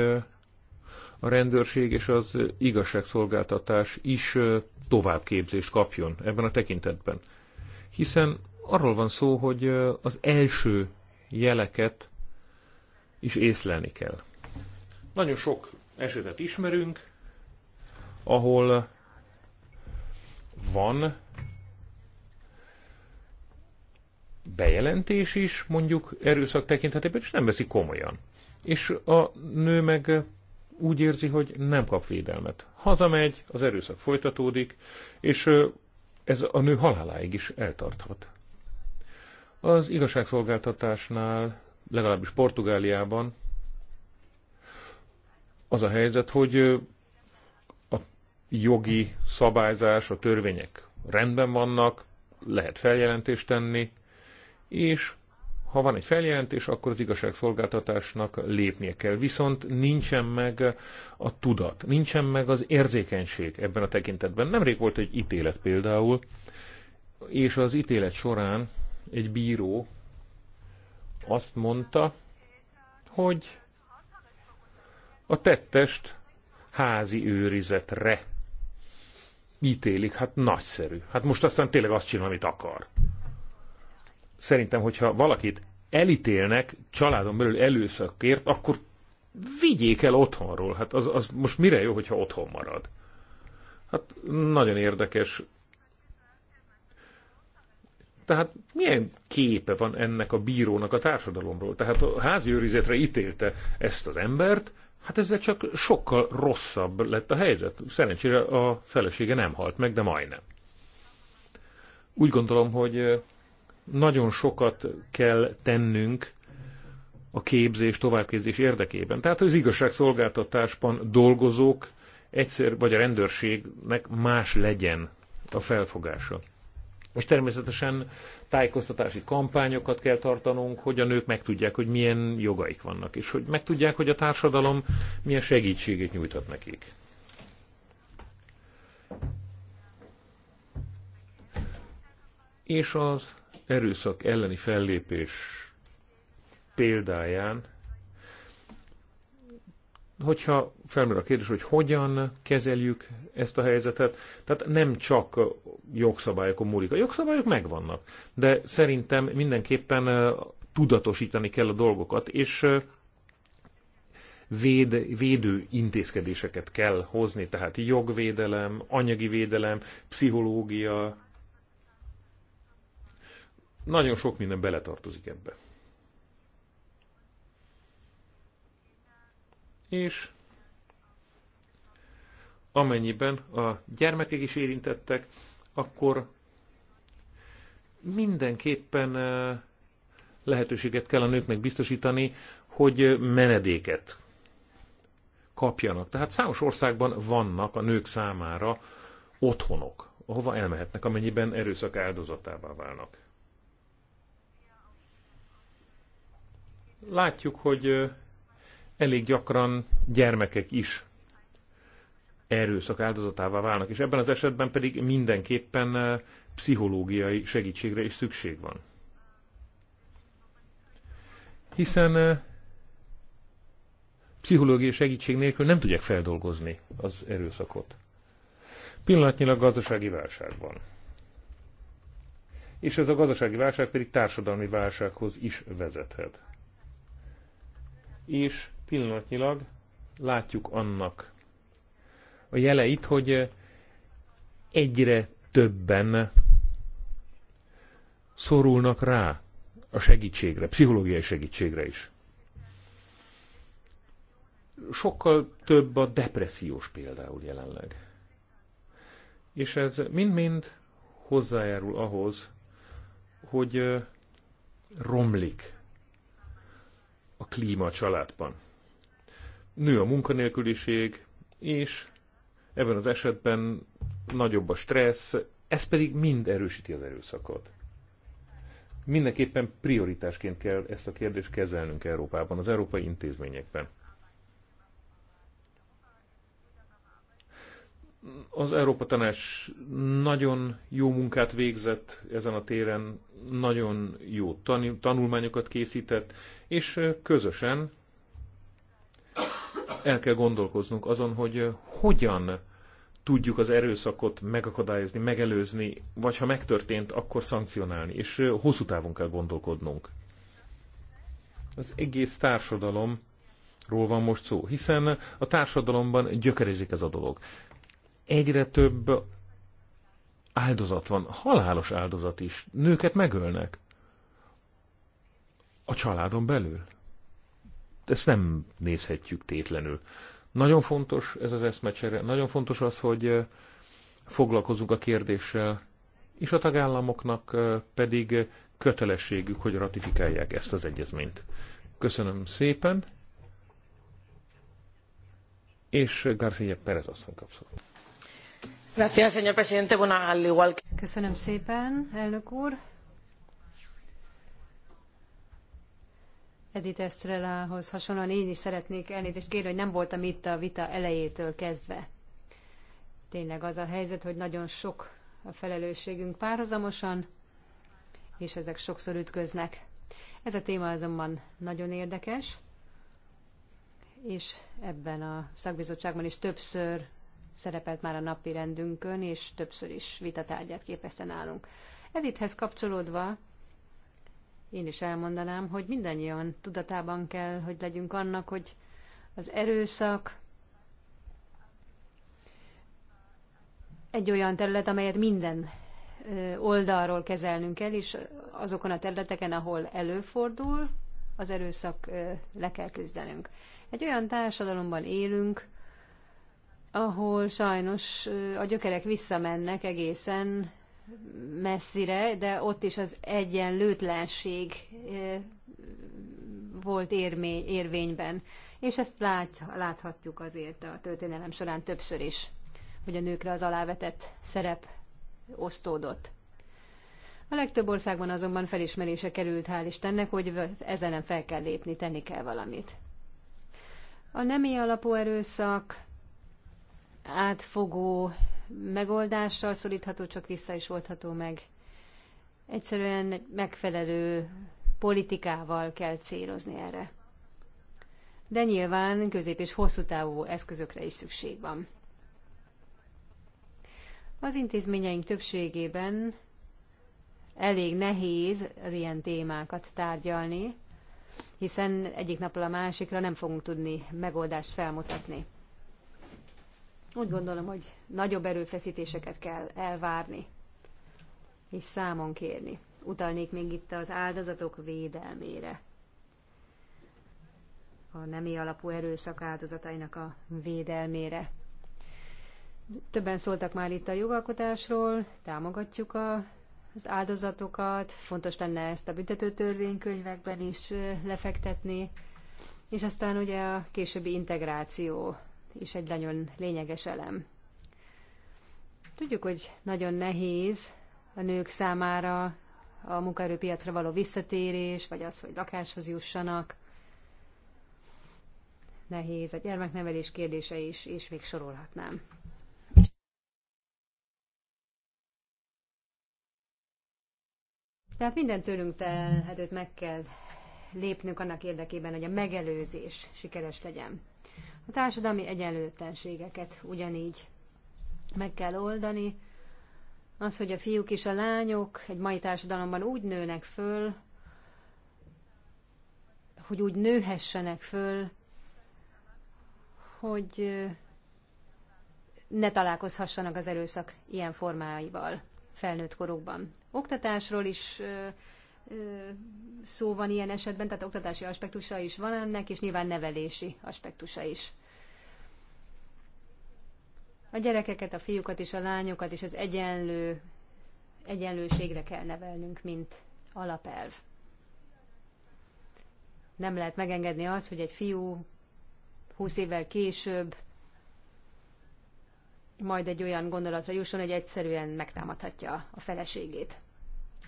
a rendőrség és az igazságszolgáltatás is továbbképzést kapjon ebben a tekintetben. Hiszen arról van szó, hogy az első jeleket is észlelni kell. Nagyon sok esetet ismerünk, ahol van bejelentés is, mondjuk erőszak tekintetében, és nem veszi komolyan. És a nő meg úgy érzi, hogy nem kap védelmet. Hazamegy, az erőszak folytatódik, és ez a nő haláláig is eltarthat. Az igazságszolgáltatásnál, legalábbis Portugáliában, az a helyzet, hogy a jogi szabályzás, a törvények rendben vannak, lehet feljelentést tenni, és ha van egy feljelentés, akkor az igazságszolgáltatásnak lépnie kell. Viszont nincsen meg a tudat, nincsen meg az érzékenység ebben a tekintetben. Nemrég volt egy ítélet például, és az ítélet során egy bíró azt mondta, hogy a tettest házi őrizetre ítélik, hát nagyszerű. Hát most aztán tényleg azt csinál, amit akar. Szerintem, hogyha valakit elítélnek családon belül előszakért, akkor vigyék el otthonról. Hát az, az most mire jó, hogyha otthon marad? Hát nagyon érdekes tehát milyen képe van ennek a bírónak a társadalomról? Tehát a házi őrizetre ítélte ezt az embert, hát ezzel csak sokkal rosszabb lett a helyzet. Szerencsére a felesége nem halt meg, de majdnem. Úgy gondolom, hogy nagyon sokat kell tennünk a képzés, továbbképzés érdekében. Tehát az igazságszolgáltatásban dolgozók egyszer, vagy a rendőrségnek más legyen a felfogása. És természetesen tájékoztatási kampányokat kell tartanunk, hogy a nők megtudják, hogy milyen jogaik vannak, és hogy megtudják, hogy a társadalom milyen segítségét nyújthat nekik. És az erőszak elleni fellépés példáján hogyha felmerül a kérdés, hogy hogyan kezeljük ezt a helyzetet, tehát nem csak jogszabályokon múlik. A jogszabályok megvannak, de szerintem mindenképpen tudatosítani kell a dolgokat, és véd, védő intézkedéseket kell hozni, tehát jogvédelem, anyagi védelem, pszichológia, nagyon sok minden beletartozik ebbe. és amennyiben a gyermekek is érintettek, akkor mindenképpen eh, lehetőséget kell a nőknek biztosítani, hogy eh, menedéket kapjanak. Tehát számos országban vannak a nők számára otthonok, ahova elmehetnek, amennyiben erőszak áldozatává válnak. Látjuk, hogy eh, elég gyakran gyermekek is erőszak áldozatává válnak, és ebben az esetben pedig mindenképpen eh, pszichológiai segítségre is szükség van. Hiszen eh, pszichológiai segítség nélkül nem tudják feldolgozni az erőszakot. Pillanatnyilag gazdasági válság van. És ez a gazdasági válság pedig társadalmi válsághoz is vezethet. És pillanatnyilag látjuk annak a jeleit, hogy egyre többen szorulnak rá a segítségre, pszichológiai segítségre is. Sokkal több a depressziós például jelenleg. És ez mind-mind hozzájárul ahhoz, hogy romlik a klíma a családban nő a munkanélküliség, és ebben az esetben nagyobb a stressz, ez pedig mind erősíti az erőszakot. Mindenképpen prioritásként kell ezt a kérdést kezelnünk Európában, az európai intézményekben. Az Európa Tanács nagyon jó munkát végzett ezen a téren, nagyon jó tanulmányokat készített, és közösen el kell gondolkoznunk azon, hogy hogyan tudjuk az erőszakot megakadályozni, megelőzni, vagy ha megtörtént, akkor szankcionálni, és hosszú távon kell gondolkodnunk. Az egész társadalomról van most szó, hiszen a társadalomban gyökerezik ez a dolog. Egyre több áldozat van, halálos áldozat is, nőket megölnek. A családon belül ezt nem nézhetjük tétlenül. Nagyon fontos ez az eszmecsere, nagyon fontos az, hogy eh, foglalkozunk a kérdéssel, és a tagállamoknak eh, pedig kötelességük, hogy ratifikálják ezt az egyezményt. Köszönöm szépen, és García Pérez asszony kapszol. Köszönöm szépen, elnök úr. Edith Estrellához hasonlóan én is szeretnék elnézést kérni, hogy nem voltam itt a vita elejétől kezdve. Tényleg az a helyzet, hogy nagyon sok a felelősségünk párhuzamosan, és ezek sokszor ütköznek. Ez a téma azonban nagyon érdekes, és ebben a szakbizottságban is többször szerepelt már a napi rendünkön, és többször is vitatárgyát képezte nálunk. Edithez kapcsolódva én is elmondanám, hogy mindannyian tudatában kell, hogy legyünk annak, hogy az erőszak egy olyan terület, amelyet minden oldalról kezelnünk kell, és azokon a területeken, ahol előfordul, az erőszak le kell küzdenünk. Egy olyan társadalomban élünk, ahol sajnos a gyökerek visszamennek egészen messzire, de ott is az egyenlőtlenség eh, volt érmény, érvényben. És ezt lát, láthatjuk azért a történelem során többször is, hogy a nőkre az alávetett szerep osztódott. A legtöbb országban azonban felismerése került, hál' Istennek, hogy ezen nem fel kell lépni, tenni kell valamit. A nemi alapú erőszak átfogó megoldással szorítható, csak vissza is oldható meg. Egyszerűen megfelelő politikával kell célozni erre. De nyilván közép- és hosszú távú eszközökre is szükség van. Az intézményeink többségében elég nehéz az ilyen témákat tárgyalni, hiszen egyik napról a másikra nem fogunk tudni megoldást felmutatni úgy gondolom, hogy nagyobb erőfeszítéseket kell elvárni és számon kérni. Utalnék még itt az áldozatok védelmére. A nemi alapú erőszak áldozatainak a védelmére. Többen szóltak már itt a jogalkotásról, támogatjuk a, az áldozatokat, fontos lenne ezt a büntetőtörvénykönyvekben is lefektetni, és aztán ugye a későbbi integráció is egy nagyon lényeges elem. Tudjuk, hogy nagyon nehéz a nők számára a munkaerőpiacra való visszatérés, vagy az, hogy lakáshoz jussanak. Nehéz a gyermeknevelés kérdése is, és még sorolhatnám. Tehát minden tőlünk telhetőt meg kell lépnünk annak érdekében, hogy a megelőzés sikeres legyen. A társadalmi egyenlőtlenségeket ugyanígy meg kell oldani. Az, hogy a fiúk és a lányok egy mai társadalomban úgy nőnek föl, hogy úgy nőhessenek föl, hogy ne találkozhassanak az erőszak ilyen formáival felnőtt korukban. Oktatásról is szó van ilyen esetben, tehát oktatási aspektusa is van ennek, és nyilván nevelési aspektusa is. A gyerekeket, a fiúkat és a lányokat és az egyenlő, egyenlőségre kell nevelnünk, mint alapelv. Nem lehet megengedni az, hogy egy fiú 20 évvel később majd egy olyan gondolatra jusson, hogy egyszerűen megtámadhatja a feleségét,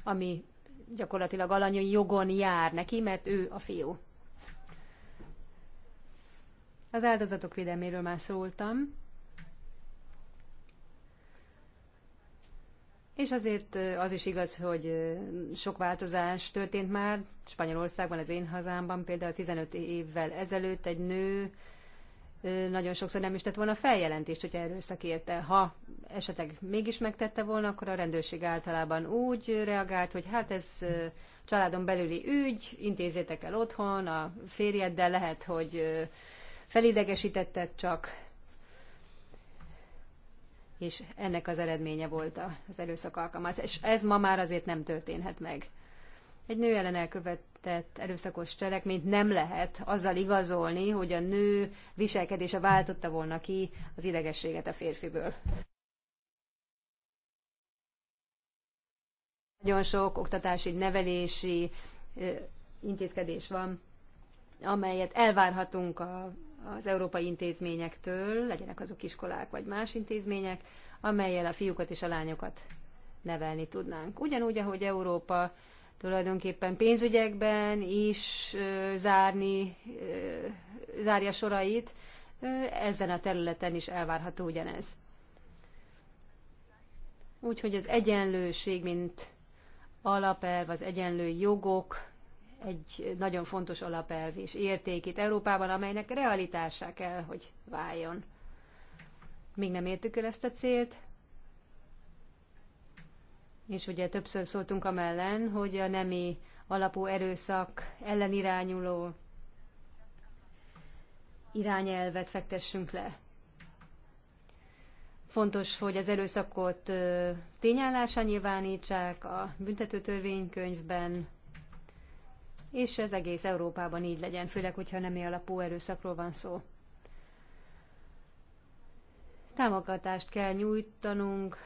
ami gyakorlatilag alanyai jogon jár neki, mert ő a fiú. Az áldozatok védelméről már szóltam. És azért az is igaz, hogy sok változás történt már. Spanyolországban, az én hazámban például 15 évvel ezelőtt egy nő nagyon sokszor nem is tett volna feljelentést, hogyha erőszak érte. Ha esetleg mégis megtette volna, akkor a rendőrség általában úgy reagált, hogy hát ez családon belüli ügy, intézzétek el otthon, a férjeddel lehet, hogy felidegesítetted csak, és ennek az eredménye volt az erőszak alkalmazás. És ez ma már azért nem történhet meg egy nő ellen elkövetett erőszakos cselekményt nem lehet azzal igazolni, hogy a nő viselkedése váltotta volna ki az idegességet a férfiből. Nagyon sok oktatási, nevelési intézkedés van, amelyet elvárhatunk a, az európai intézményektől, legyenek azok iskolák vagy más intézmények, amelyel a fiúkat és a lányokat nevelni tudnánk. Ugyanúgy, ahogy Európa tulajdonképpen pénzügyekben is zárni, zárja sorait, ezen a területen is elvárható ugyanez. Úgyhogy az egyenlőség, mint alapelv, az egyenlő jogok egy nagyon fontos alapelv és érték itt Európában, amelynek realitássá kell, hogy váljon. Még nem értük el ezt a célt, és ugye többször szóltunk a mellen, hogy a nemi alapú erőszak ellenirányuló irányelvet fektessünk le. Fontos, hogy az erőszakot tényállásra nyilvánítsák a büntetőtörvénykönyvben, és ez egész Európában így legyen, főleg, hogyha nemi alapú erőszakról van szó. Támogatást kell nyújtanunk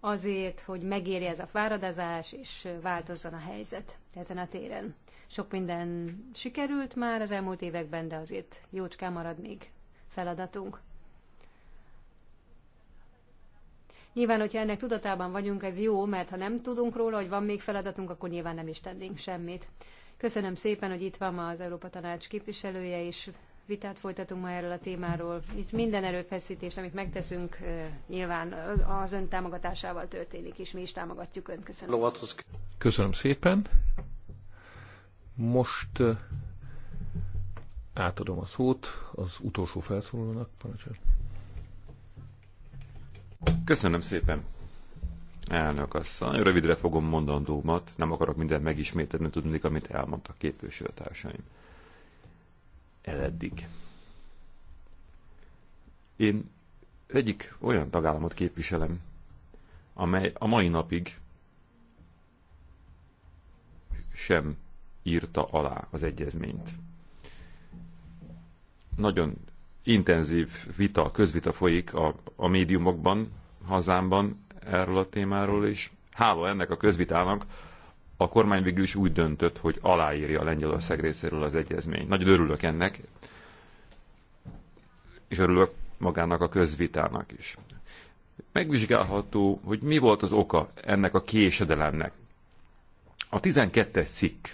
azért, hogy megérje ez a fáradozás, és változzon a helyzet ezen a téren. Sok minden sikerült már az elmúlt években, de azért jócskán marad még feladatunk. Nyilván, hogyha ennek tudatában vagyunk, ez jó, mert ha nem tudunk róla, hogy van még feladatunk, akkor nyilván nem is tennénk semmit. Köszönöm szépen, hogy itt van ma az Európa Tanács képviselője, és vitát folytatunk ma erről a témáról. Itt minden erőfeszítést, amit megteszünk, nyilván az ön támogatásával történik, és mi is támogatjuk önt. Köszönöm. Köszönöm szépen. Most átadom a szót az utolsó felszólalónak. Parancsol. Köszönöm szépen. Elnök asszony, rövidre fogom mondandómat, nem akarok mindent megismételni, tudnék, amit elmondtak képviselőtársaim el eddig. Én egyik olyan tagállamot képviselem, amely a mai napig sem írta alá az egyezményt. Nagyon intenzív vita, közvita folyik a, a médiumokban, hazámban erről a témáról, és hála ennek a közvitának, a kormány végül is úgy döntött, hogy aláírja a Lengyelország részéről az egyezményt. Nagyon örülök ennek, és örülök magának a közvitának is. Megvizsgálható, hogy mi volt az oka ennek a késedelemnek. A 12-es cikk,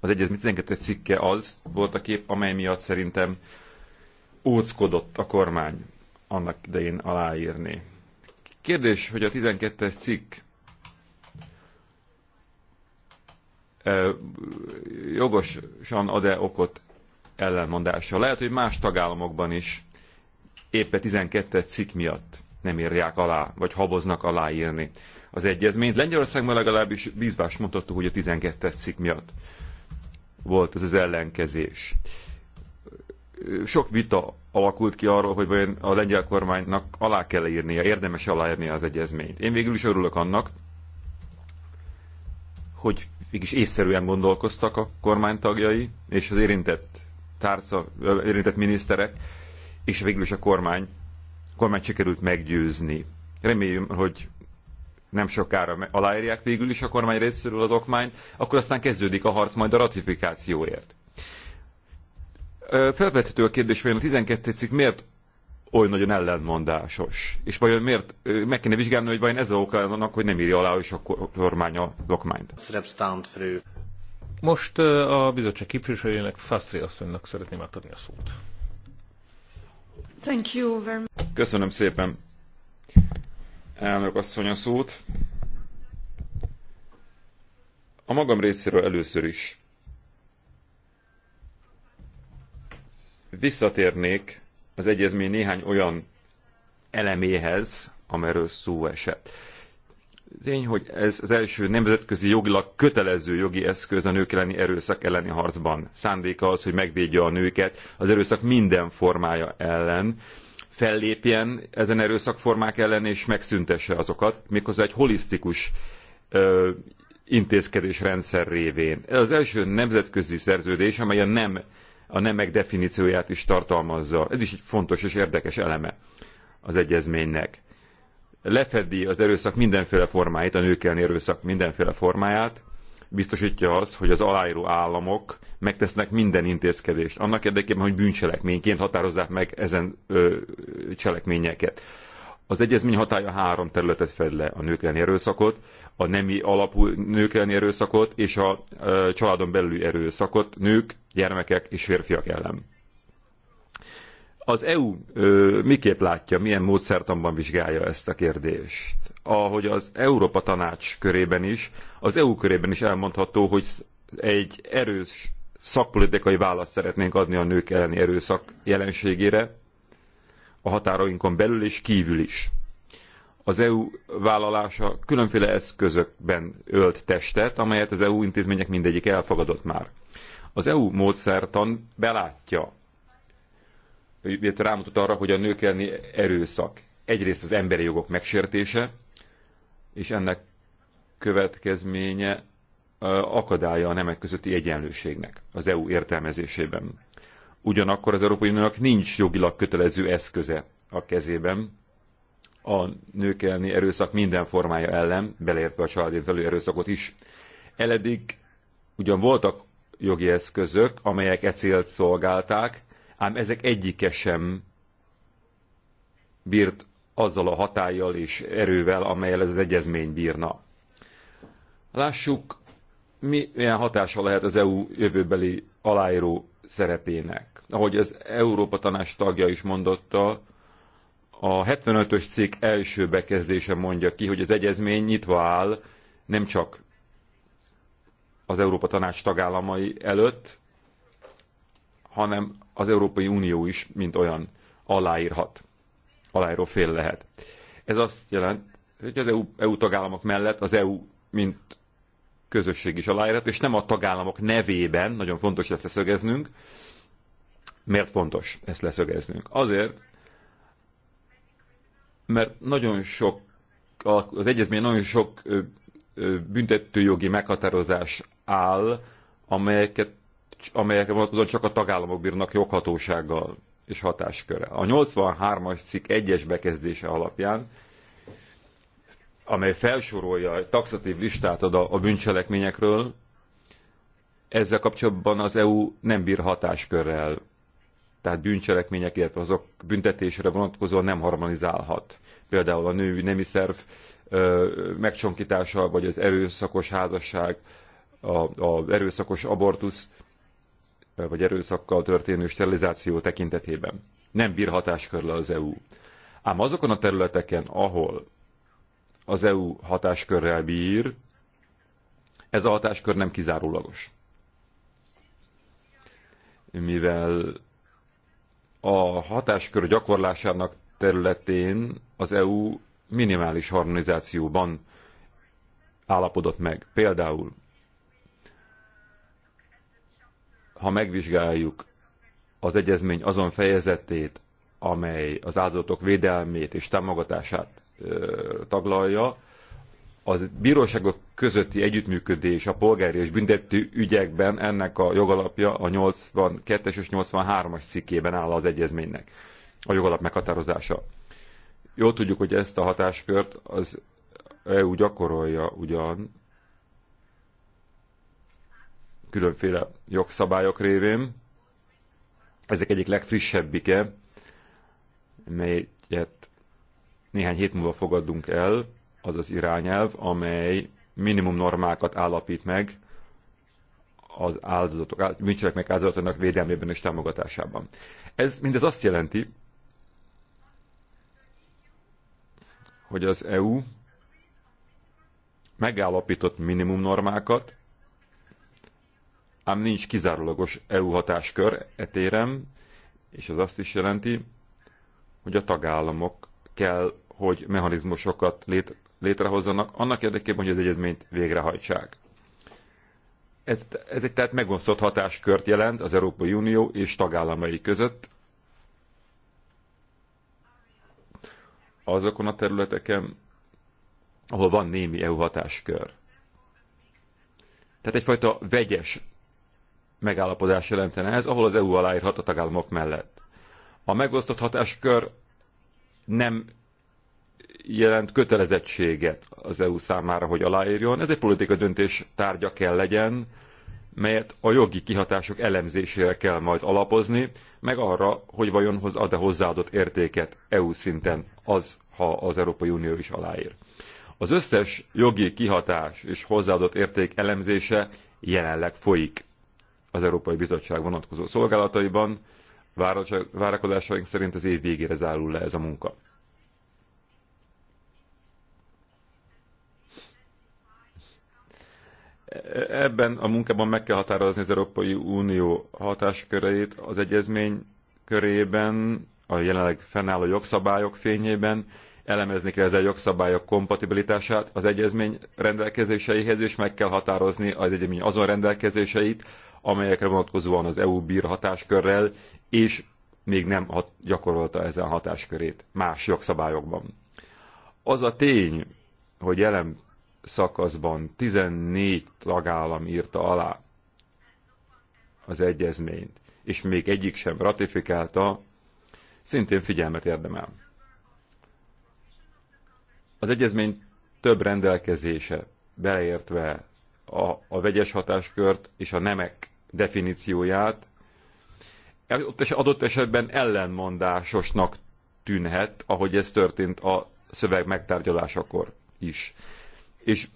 az egyezmény 12-es cikke az volt a kép, amely miatt szerintem óckodott a kormány annak idején aláírni. Kérdés, hogy a 12-es cikk jogosan ad-e okot ellenmondásra. Lehet, hogy más tagállamokban is éppen 12 cikk miatt nem írják alá, vagy haboznak aláírni az egyezményt. Lengyelországban legalábbis bízvást mondhattuk, hogy a 12 cikk miatt volt ez az ellenkezés. Sok vita alakult ki arról, hogy vajon a lengyel kormánynak alá kell írnia, érdemes aláírnia az egyezményt. Én végül is örülök annak, hogy mégis észszerűen gondolkoztak a kormánytagjai és az érintett tárca, érintett miniszterek, és végül is a kormány, a kormány sikerült meggyőzni. Reméljük, hogy nem sokára aláírják végül is a kormány részéről az okmányt, akkor aztán kezdődik a harc majd a ratifikációért. Felvethető a kérdés, hogy a 12. cikk miért oly nagyon ellentmondásos És vajon miért, meg kéne vizsgálni, hogy vajon ez a oka annak, hogy nem írja alá is a kormány a lokmányt. Most a bizottság képviselőjének, Fastri asszonynak szeretném átadni a szót. Thank you very much. Köszönöm szépen. Elnök asszony a szót. A magam részéről először is visszatérnék az egyezmény néhány olyan eleméhez, amerről szó esett. Tény, hogy ez az első nemzetközi jogilag kötelező jogi eszköz a nők elleni erőszak elleni harcban. Szándéka az, hogy megvédje a nőket az erőszak minden formája ellen, fellépjen ezen erőszakformák ellen és megszüntesse azokat, méghozzá egy holisztikus ö, intézkedésrendszer révén. Ez az első nemzetközi szerződés, amely a nem a nemek definícióját is tartalmazza. Ez is egy fontos és érdekes eleme az egyezménynek. Lefedi az erőszak mindenféle formáit, a nők elleni erőszak mindenféle formáját, biztosítja azt, hogy az aláíró államok megtesznek minden intézkedést, annak érdekében, hogy bűncselekményként határozzák meg ezen ö, cselekményeket. Az egyezmény hatája három területet fed le, a nők erőszakot, a nemi alapú nők erőszakot és a ö, családon belüli erőszakot nők gyermekek és férfiak ellen. Az EU ö, miképp látja, milyen módszertanban vizsgálja ezt a kérdést? Ahogy az Európa Tanács körében is, az EU körében is elmondható, hogy egy erős szakpolitikai választ szeretnénk adni a nők elleni erőszak jelenségére, a határainkon belül és kívül is. Az EU vállalása különféle eszközökben ölt testet, amelyet az EU intézmények mindegyik elfogadott már. Az EU módszertan belátja, illetve rámutat arra, hogy a nők elleni erőszak egyrészt az emberi jogok megsértése, és ennek következménye akadálya a nemek közötti egyenlőségnek az EU értelmezésében. Ugyanakkor az Európai Uniónak nincs jogilag kötelező eszköze a kezében a nők elleni erőszak minden formája ellen, beleértve a családért felül erőszakot is. Eledig ugyan voltak jogi eszközök, amelyek e célt szolgálták, ám ezek egyike sem bírt azzal a hatállyal és erővel, amelyel ez az egyezmény bírna. Lássuk, milyen hatása lehet az EU jövőbeli aláíró szerepének. Ahogy az Európa Tanács tagja is mondotta, a 75-ös cikk első bekezdése mondja ki, hogy az egyezmény nyitva áll nem csak az Európa Tanács tagállamai előtt, hanem az Európai Unió is, mint olyan, aláírhat. Aláíró fél lehet. Ez azt jelent, hogy az EU, EU tagállamok mellett az EU, mint közösség is aláírhat, és nem a tagállamok nevében, nagyon fontos ezt leszögeznünk. Miért fontos ezt leszögeznünk? Azért, mert nagyon sok, az egyezmény nagyon sok büntetőjogi meghatározás áll, amelyeket, amelyeket vonatkozóan csak a tagállamok bírnak joghatósággal és hatásköre. A 83-as cikk egyes bekezdése alapján, amely felsorolja egy taxatív listát ad a, a bűncselekményekről, ezzel kapcsolatban az EU nem bír hatáskörrel. Tehát bűncselekmények, illetve azok büntetésre vonatkozóan nem harmonizálhat. Például a női nemi szerv megcsonkítása, vagy az erőszakos házasság, a, a erőszakos abortusz eh, vagy erőszakkal történő sterilizáció tekintetében. Nem bír hatáskörle az EU. Ám azokon a területeken, ahol az EU hatáskörrel bír, ez a hatáskör nem kizárólagos. Mivel a hatáskör gyakorlásának területén az EU minimális harmonizációban állapodott meg. Például ha megvizsgáljuk az egyezmény azon fejezetét, amely az áldozatok védelmét és támogatását ö, taglalja, az bíróságok közötti együttműködés a polgári és büntető ügyekben ennek a jogalapja a 82-es és 83-as cikkében áll az egyezménynek, a jogalap meghatározása. Jól tudjuk, hogy ezt a hatáskört az EU gyakorolja ugyan, különféle jogszabályok révén. Ezek egyik legfrissebbike, melyet néhány hét múlva fogadunk el, az az irányelv, amely minimum normákat állapít meg az áldozatok, bűncselek meg áldozatának védelmében és támogatásában. Ez mindez azt jelenti, hogy az EU megállapított minimum normákat, ám nincs kizárólagos EU hatáskör etérem, és ez azt is jelenti, hogy a tagállamok kell, hogy mechanizmusokat lét, létrehozzanak annak érdekében, hogy az egyezményt végrehajtsák. Ez, ez egy tehát megosztott hatáskört jelent az Európai Unió és tagállamai között, azokon a területeken, ahol van némi EU hatáskör. Tehát egyfajta vegyes megállapodás jelentene ez, ahol az EU aláírhat a tagállamok mellett. A megosztott hatáskör nem jelent kötelezettséget az EU számára, hogy aláírjon. Ez egy politika döntés tárgya kell legyen, melyet a jogi kihatások elemzésére kell majd alapozni, meg arra, hogy vajon hoz ad-e hozzáadott értéket EU szinten az, ha az Európai Unió is aláír. Az összes jogi kihatás és hozzáadott érték elemzése jelenleg folyik az Európai Bizottság vonatkozó szolgálataiban. Várakozásaink szerint az év végére zárul le ez a munka. Ebben a munkában meg kell határozni az Európai Unió hatásköreit az egyezmény körében, a jelenleg fennálló jogszabályok fényében, elemezni kell ezzel a jogszabályok kompatibilitását az egyezmény rendelkezéseihez, és meg kell határozni az egyezmény azon rendelkezéseit, amelyekre vonatkozóan az EU bír hatáskörrel, és még nem hat, gyakorolta ezen hatáskörét más jogszabályokban. Az a tény, hogy jelen szakaszban 14 tagállam írta alá az egyezményt, és még egyik sem ratifikálta, szintén figyelmet érdemel. Az egyezmény több rendelkezése, beleértve a, a vegyes hatáskört és a nemek definícióját, adott esetben ellenmondásosnak tűnhet, ahogy ez történt a szöveg megtárgyalásakor is. És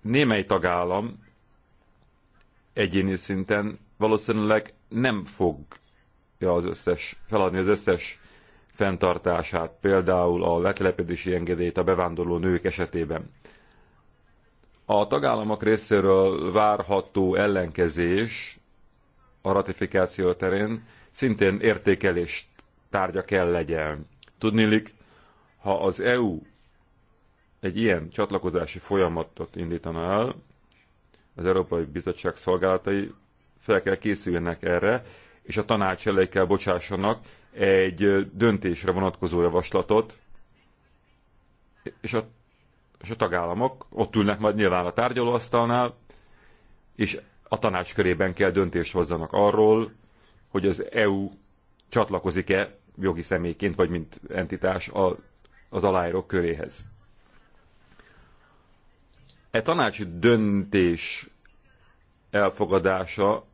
némely tagállam egyéni szinten valószínűleg nem fogja az összes, feladni az összes fenntartását, például a letelepedési engedélyt a bevándorló nők esetében. A tagállamok részéről várható ellenkezés a ratifikáció terén szintén értékelés tárgya kell legyen. Tudnilik, ha az EU egy ilyen csatlakozási folyamatot indítana el, az Európai Bizottság szolgálatai fel kell készüljenek erre, és a tanács elé kell bocsássanak egy döntésre vonatkozó javaslatot, és a és a tagállamok ott ülnek majd nyilván a tárgyalóasztalnál, és a tanács körében kell döntést hozzanak arról, hogy az EU csatlakozik-e jogi személyként, vagy mint entitás a, az aláírók köréhez. E tanácsi döntés elfogadása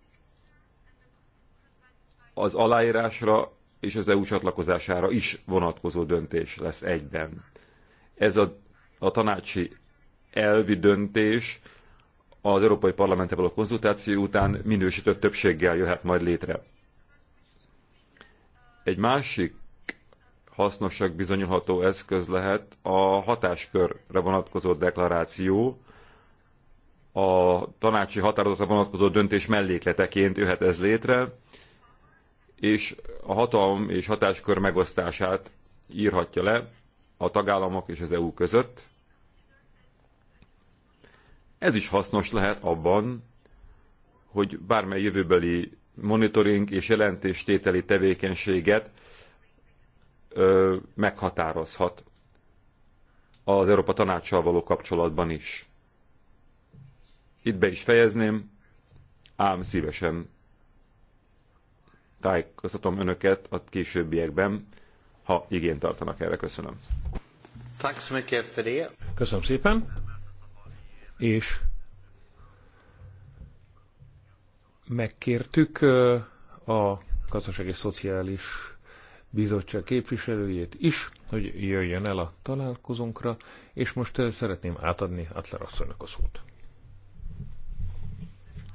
az aláírásra és az EU csatlakozására is vonatkozó döntés lesz egyben. Ez a a tanácsi elvi döntés az Európai Parlamenttel való konzultáció után minősített többséggel jöhet majd létre. Egy másik hasznosak bizonyulható eszköz lehet a hatáskörre vonatkozó deklaráció, a tanácsi határozatra vonatkozó döntés mellékleteként jöhet ez létre, és a hatalom és hatáskör megosztását írhatja le a tagállamok és az EU között. Ez is hasznos lehet abban, hogy bármely jövőbeli monitoring és jelentéstételi tevékenységet ö, meghatározhat az Európa Tanácssal való kapcsolatban is. Itt be is fejezném, ám szívesen tájékoztatom önöket a későbbiekben ha igényt tartanak erre. Köszönöm. Köszönöm szépen. És megkértük a Gazdasági Szociális Bizottság képviselőjét is, hogy jöjjön el a találkozónkra, és most szeretném átadni Atler asszonynak a szót.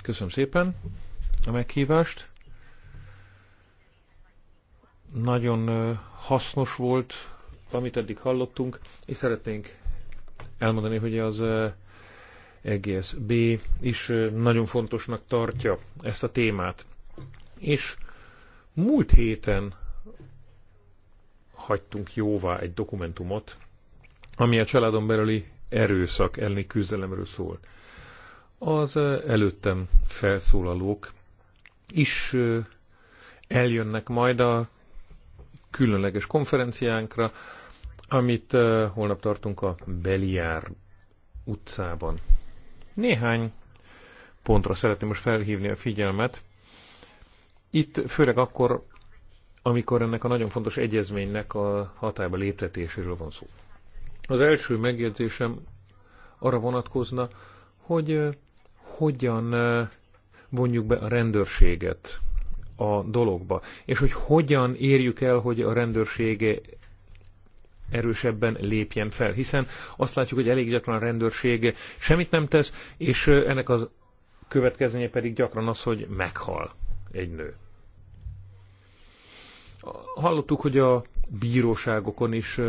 Köszönöm szépen a meghívást. Nagyon hasznos volt, amit eddig hallottunk, és szeretnénk elmondani, hogy az EGSB is nagyon fontosnak tartja ezt a témát. És múlt héten hagytunk jóvá egy dokumentumot, ami a családon belüli erőszak elleni küzdelemről szól. Az előttem felszólalók is eljönnek majd a különleges konferenciánkra, amit holnap tartunk a Beliár utcában. Néhány pontra szeretném most felhívni a figyelmet. Itt főleg akkor, amikor ennek a nagyon fontos egyezménynek a hatályba léptetéséről van szó. Az első megjegyzésem arra vonatkozna, hogy hogyan vonjuk be a rendőrséget a dologba, és hogy hogyan érjük el, hogy a rendőrség erősebben lépjen fel, hiszen azt látjuk, hogy elég gyakran a rendőrség semmit nem tesz, és ennek az következménye pedig gyakran az, hogy meghal egy nő. Hallottuk, hogy a bíróságokon is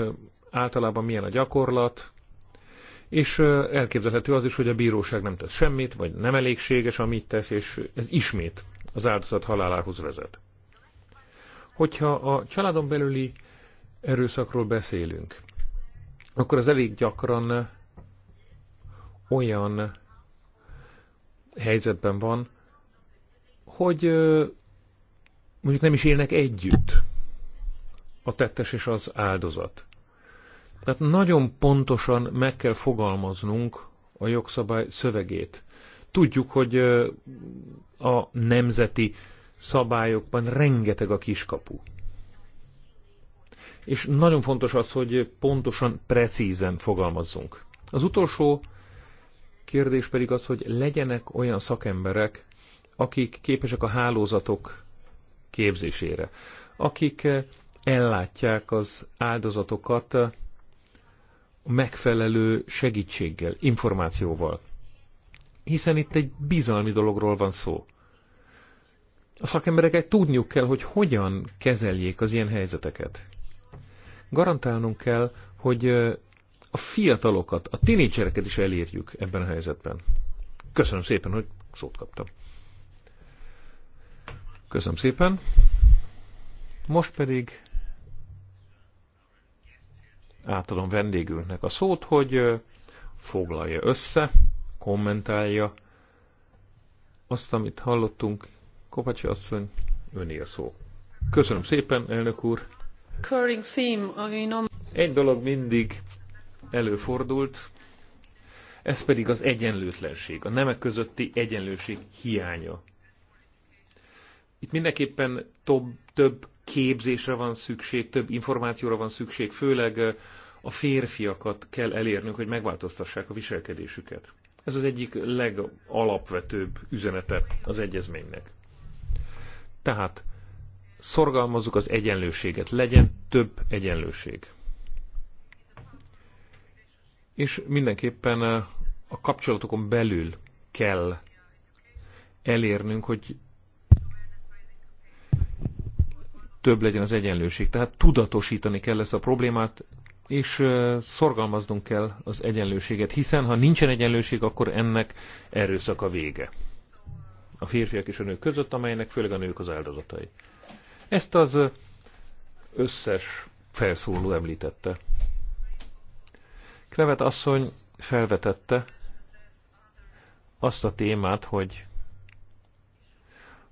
általában milyen a gyakorlat, és elképzelhető az is, hogy a bíróság nem tesz semmit, vagy nem elégséges, amit tesz, és ez ismét az áldozat halálához vezet. Hogyha a családon belüli erőszakról beszélünk, akkor az elég gyakran olyan helyzetben van, hogy mondjuk nem is élnek együtt a tettes és az áldozat. Tehát nagyon pontosan meg kell fogalmaznunk a jogszabály szövegét, Tudjuk, hogy a nemzeti szabályokban rengeteg a kiskapu. És nagyon fontos az, hogy pontosan, precízen fogalmazzunk. Az utolsó kérdés pedig az, hogy legyenek olyan szakemberek, akik képesek a hálózatok képzésére, akik ellátják az áldozatokat megfelelő segítséggel, információval hiszen itt egy bizalmi dologról van szó. A szakembereket tudniuk kell, hogy hogyan kezeljék az ilyen helyzeteket. Garantálnunk kell, hogy a fiatalokat, a tinédzsereket is elérjük ebben a helyzetben. Köszönöm szépen, hogy szót kaptam. Köszönöm szépen. Most pedig átadom vendégünknek a szót, hogy foglalja össze kommentálja azt, amit hallottunk. Kopacsi asszony, öné a szó. Köszönöm szépen, elnök úr. Egy dolog mindig előfordult, ez pedig az egyenlőtlenség, a nemek közötti egyenlőség hiánya. Itt mindenképpen több, több képzésre van szükség, több információra van szükség, főleg a férfiakat kell elérnünk, hogy megváltoztassák a viselkedésüket. Ez az egyik legalapvetőbb üzenete az egyezménynek. Tehát szorgalmazzuk az egyenlőséget, legyen több egyenlőség. És mindenképpen eh, a kapcsolatokon belül kell elérnünk, hogy több legyen az egyenlőség. Tehát tudatosítani kell ezt a problémát, és szorgalmaznunk kell az egyenlőséget, hiszen ha nincsen egyenlőség, akkor ennek erőszak a vége. A férfiak és a nők között, amelynek főleg a nők az áldozatai. Ezt az összes felszóló említette. Klevet asszony felvetette azt a témát, hogy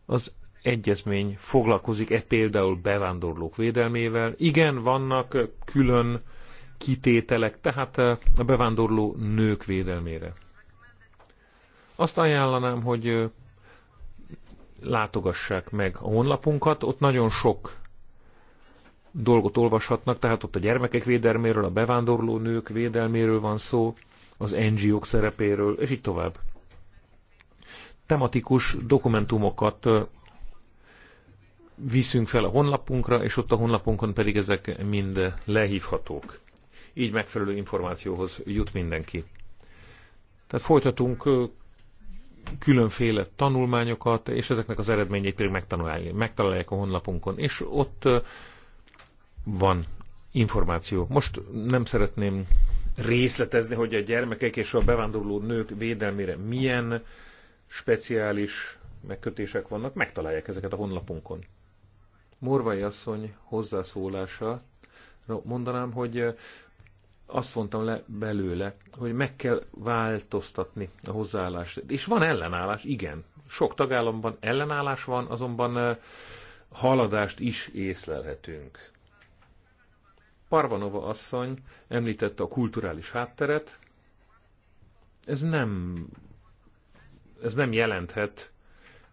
az egyezmény foglalkozik-e például bevándorlók védelmével. Igen, vannak külön kitételek, tehát eh, a bevándorló nők védelmére. Azt ajánlanám, hogy eh, látogassák meg a honlapunkat, ott nagyon sok dolgot olvashatnak, tehát ott a gyermekek védelméről, a bevándorló nők védelméről van szó, az NGO-k szerepéről, és így tovább. Tematikus dokumentumokat eh, viszünk fel a honlapunkra, és ott a honlapunkon pedig ezek mind lehívhatók így megfelelő információhoz jut mindenki. Tehát folytatunk különféle tanulmányokat, és ezeknek az eredményeit pedig megtalálják a honlapunkon, és ott van információ. Most nem szeretném részletezni, hogy a gyermekek és a bevándorló nők védelmére milyen speciális megkötések vannak, megtalálják ezeket a honlapunkon. Morvai asszony hozzászólása, mondanám, hogy azt mondtam le belőle, hogy meg kell változtatni a hozzáállást. És van ellenállás, igen. Sok tagállamban ellenállás van, azonban haladást is észlelhetünk. Parvanova asszony említette a kulturális hátteret. Ez nem, ez nem jelenthet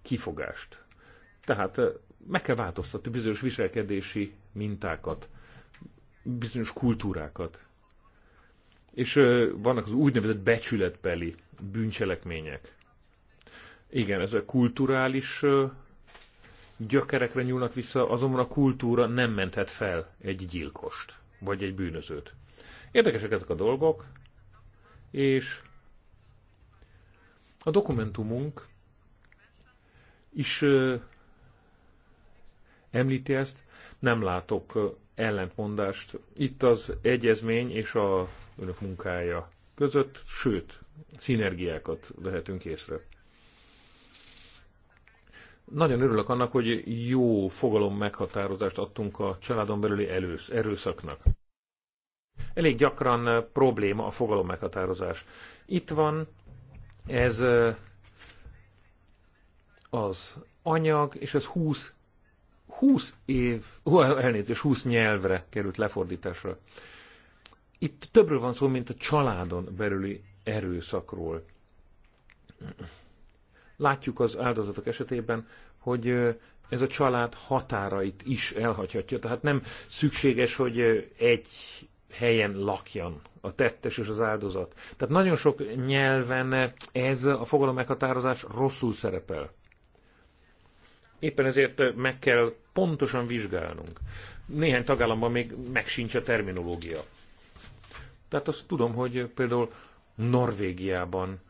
kifogást. Tehát meg kell változtatni bizonyos viselkedési mintákat, bizonyos kultúrákat. És vannak az úgynevezett becsületbeli bűncselekmények. Igen, ezek kulturális gyökerekre nyúlnak vissza, azonban a kultúra nem menthet fel egy gyilkost, vagy egy bűnözőt. Érdekesek ezek a dolgok, és a dokumentumunk is említi ezt, nem látok ellentmondást itt az egyezmény és a önök munkája között, sőt, szinergiákat lehetünk észre. Nagyon örülök annak, hogy jó fogalom meghatározást adtunk a családon belüli elősz, erőszaknak. Elég gyakran probléma a fogalom meghatározás. Itt van ez az anyag, és ez 20 20 év, elnézést, 20 nyelvre került lefordításra. Itt többről van szó, mint a családon belüli erőszakról. Látjuk az áldozatok esetében, hogy ez a család határait is elhagyhatja. Tehát nem szükséges, hogy egy helyen lakjan a tettes és az áldozat. Tehát nagyon sok nyelven ez a fogalom meghatározás rosszul szerepel. Éppen ezért meg kell pontosan vizsgálnunk. Néhány tagállamban még meg sincs a terminológia. Tehát azt tudom, hogy például Norvégiában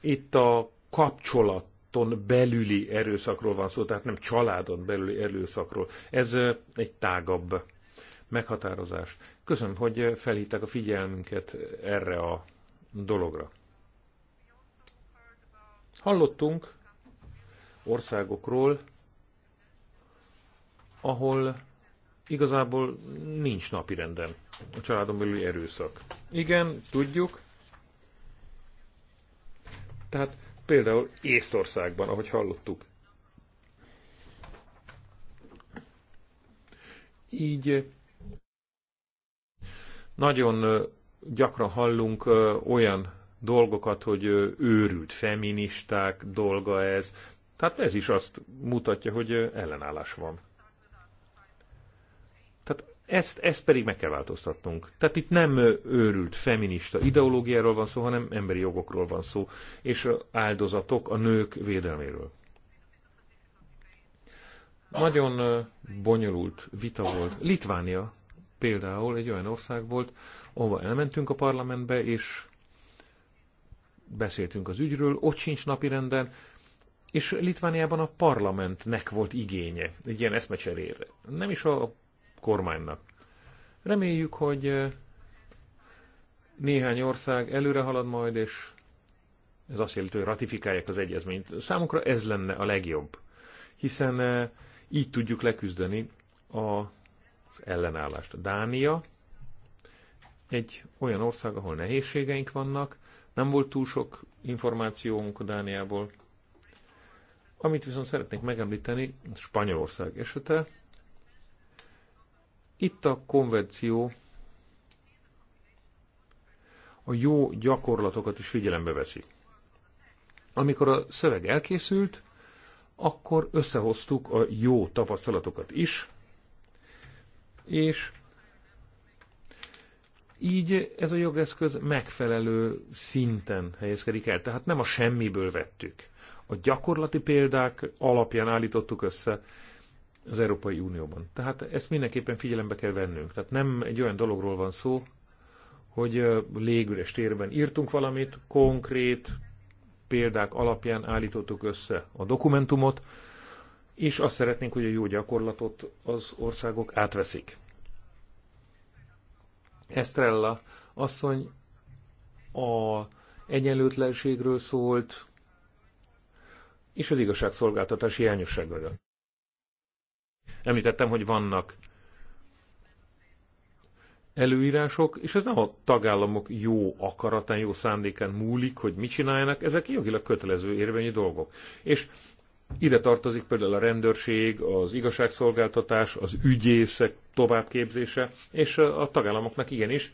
itt a kapcsolaton belüli erőszakról van szó, tehát nem családon belüli erőszakról. Ez egy tágabb meghatározás. Köszönöm, hogy felhívták a figyelmünket erre a dologra. Hallottunk országokról, ahol igazából nincs napirenden a családon belüli erőszak. Igen, tudjuk. Tehát például Észtországban, ahogy hallottuk. Így eh, nagyon eh, gyakran hallunk eh, olyan dolgokat, hogy őrült feministák dolga ez, tehát ez is azt mutatja, hogy ellenállás van. Tehát ezt, ezt pedig meg kell változtatnunk. Tehát itt nem őrült feminista ideológiáról van szó, hanem emberi jogokról van szó, és áldozatok a nők védelméről. Nagyon bonyolult vita volt. Litvánia például egy olyan ország volt, ahova elmentünk a parlamentbe, és beszéltünk az ügyről, ott sincs napirenden, és Litvániában a parlamentnek volt igénye egy ilyen eszmecserére, nem is a kormánynak. Reméljük, hogy néhány ország előre halad majd, és ez azt jelenti, hogy ratifikálják az egyezményt. Számukra ez lenne a legjobb, hiszen így tudjuk leküzdeni az ellenállást. Dánia egy olyan ország, ahol nehézségeink vannak, nem volt túl sok információnk Dániából, amit viszont szeretnék megemlíteni, Spanyolország esete, itt a konvenció a jó gyakorlatokat is figyelembe veszi. Amikor a szöveg elkészült, akkor összehoztuk a jó tapasztalatokat is, és így ez a jogeszköz megfelelő szinten helyezkedik el. Tehát nem a semmiből vettük a gyakorlati példák alapján állítottuk össze az Európai Unióban. Tehát ezt mindenképpen figyelembe kell vennünk. Tehát nem egy olyan dologról van szó, hogy légüres térben írtunk valamit, konkrét példák alapján állítottuk össze a dokumentumot, és azt szeretnénk, hogy a jó gyakorlatot az országok átveszik. Estrella asszony a egyenlőtlenségről szólt, és az igazságszolgáltatás hiányosságaira. Említettem, hogy vannak előírások, és ez nem a tagállamok jó akaratán, jó szándékán múlik, hogy mit csináljanak, ezek jogilag kötelező érvényű dolgok. És ide tartozik például a rendőrség, az igazságszolgáltatás, az ügyészek továbbképzése, és a tagállamoknak igenis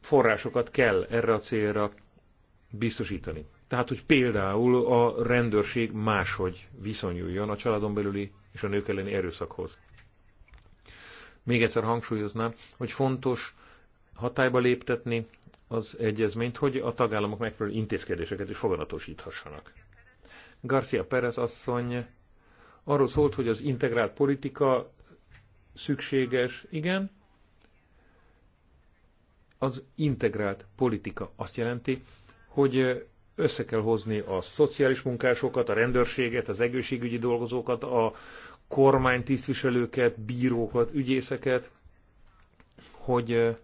forrásokat kell erre a célra biztosítani. Tehát, hogy például a rendőrség máshogy viszonyuljon a családon belüli és a nők elleni erőszakhoz. Még egyszer hangsúlyoznám, hogy fontos hatályba léptetni az egyezményt, hogy a tagállamok megfelelő intézkedéseket is foganatosíthassanak. Garcia Perez asszony arról szólt, hogy az integrált politika szükséges, igen, az integrált politika azt jelenti, hogy össze kell hozni a szociális munkásokat, a rendőrséget, az egészségügyi dolgozókat, a kormány tisztviselőket, bírókat, ügyészeket, hogy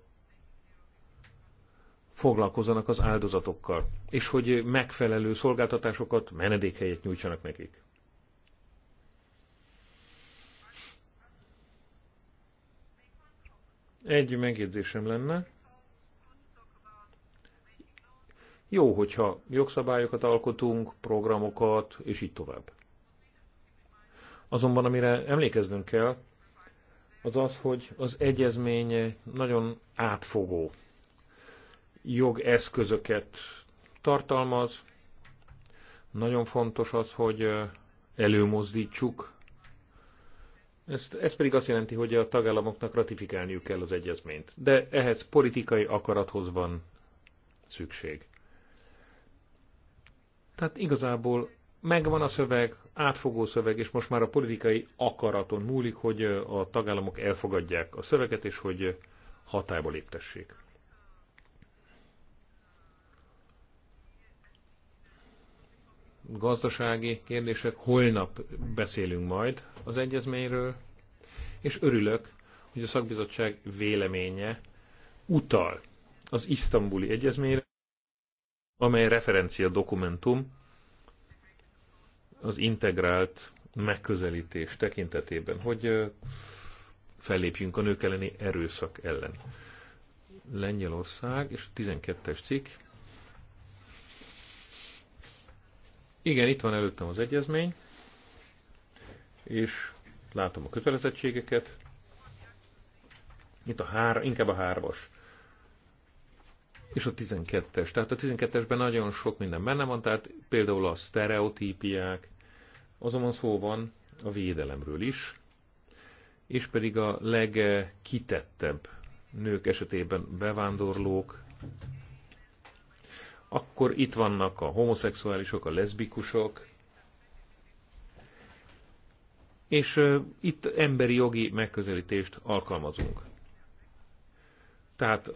foglalkozzanak az áldozatokkal, és hogy megfelelő szolgáltatásokat, menedékhelyet nyújtsanak nekik. Egy megjegyzésem lenne. Jó, hogyha jogszabályokat alkotunk, programokat, és így tovább. Azonban amire emlékeznünk kell, az az, hogy az egyezmény nagyon átfogó jogeszközöket tartalmaz. Nagyon fontos az, hogy előmozdítsuk. Ezt, ez pedig azt jelenti, hogy a tagállamoknak ratifikálniuk kell az egyezményt. De ehhez politikai akarathoz van szükség. Tehát igazából megvan a szöveg, átfogó szöveg, és most már a politikai akaraton múlik, hogy a tagállamok elfogadják a szöveget, és hogy hatályba léptessék. Gazdasági kérdések, holnap beszélünk majd az egyezményről, és örülök, hogy a szakbizottság véleménye utal az isztambuli egyezményre, amely referencia dokumentum az integrált megközelítés tekintetében, hogy fellépjünk a nők elleni erőszak ellen. Lengyelország és 12-es cikk. Igen, itt van előttem az egyezmény, és látom a kötelezettségeket. Itt a hár, inkább a hármas és a 12-es. Tehát a 12-esben nagyon sok minden benne van, tehát például a sztereotípiák, azonban szó van a védelemről is, és pedig a legkitettebb nők esetében bevándorlók, akkor itt vannak a homoszexuálisok, a leszbikusok, és itt emberi jogi megközelítést alkalmazunk. Tehát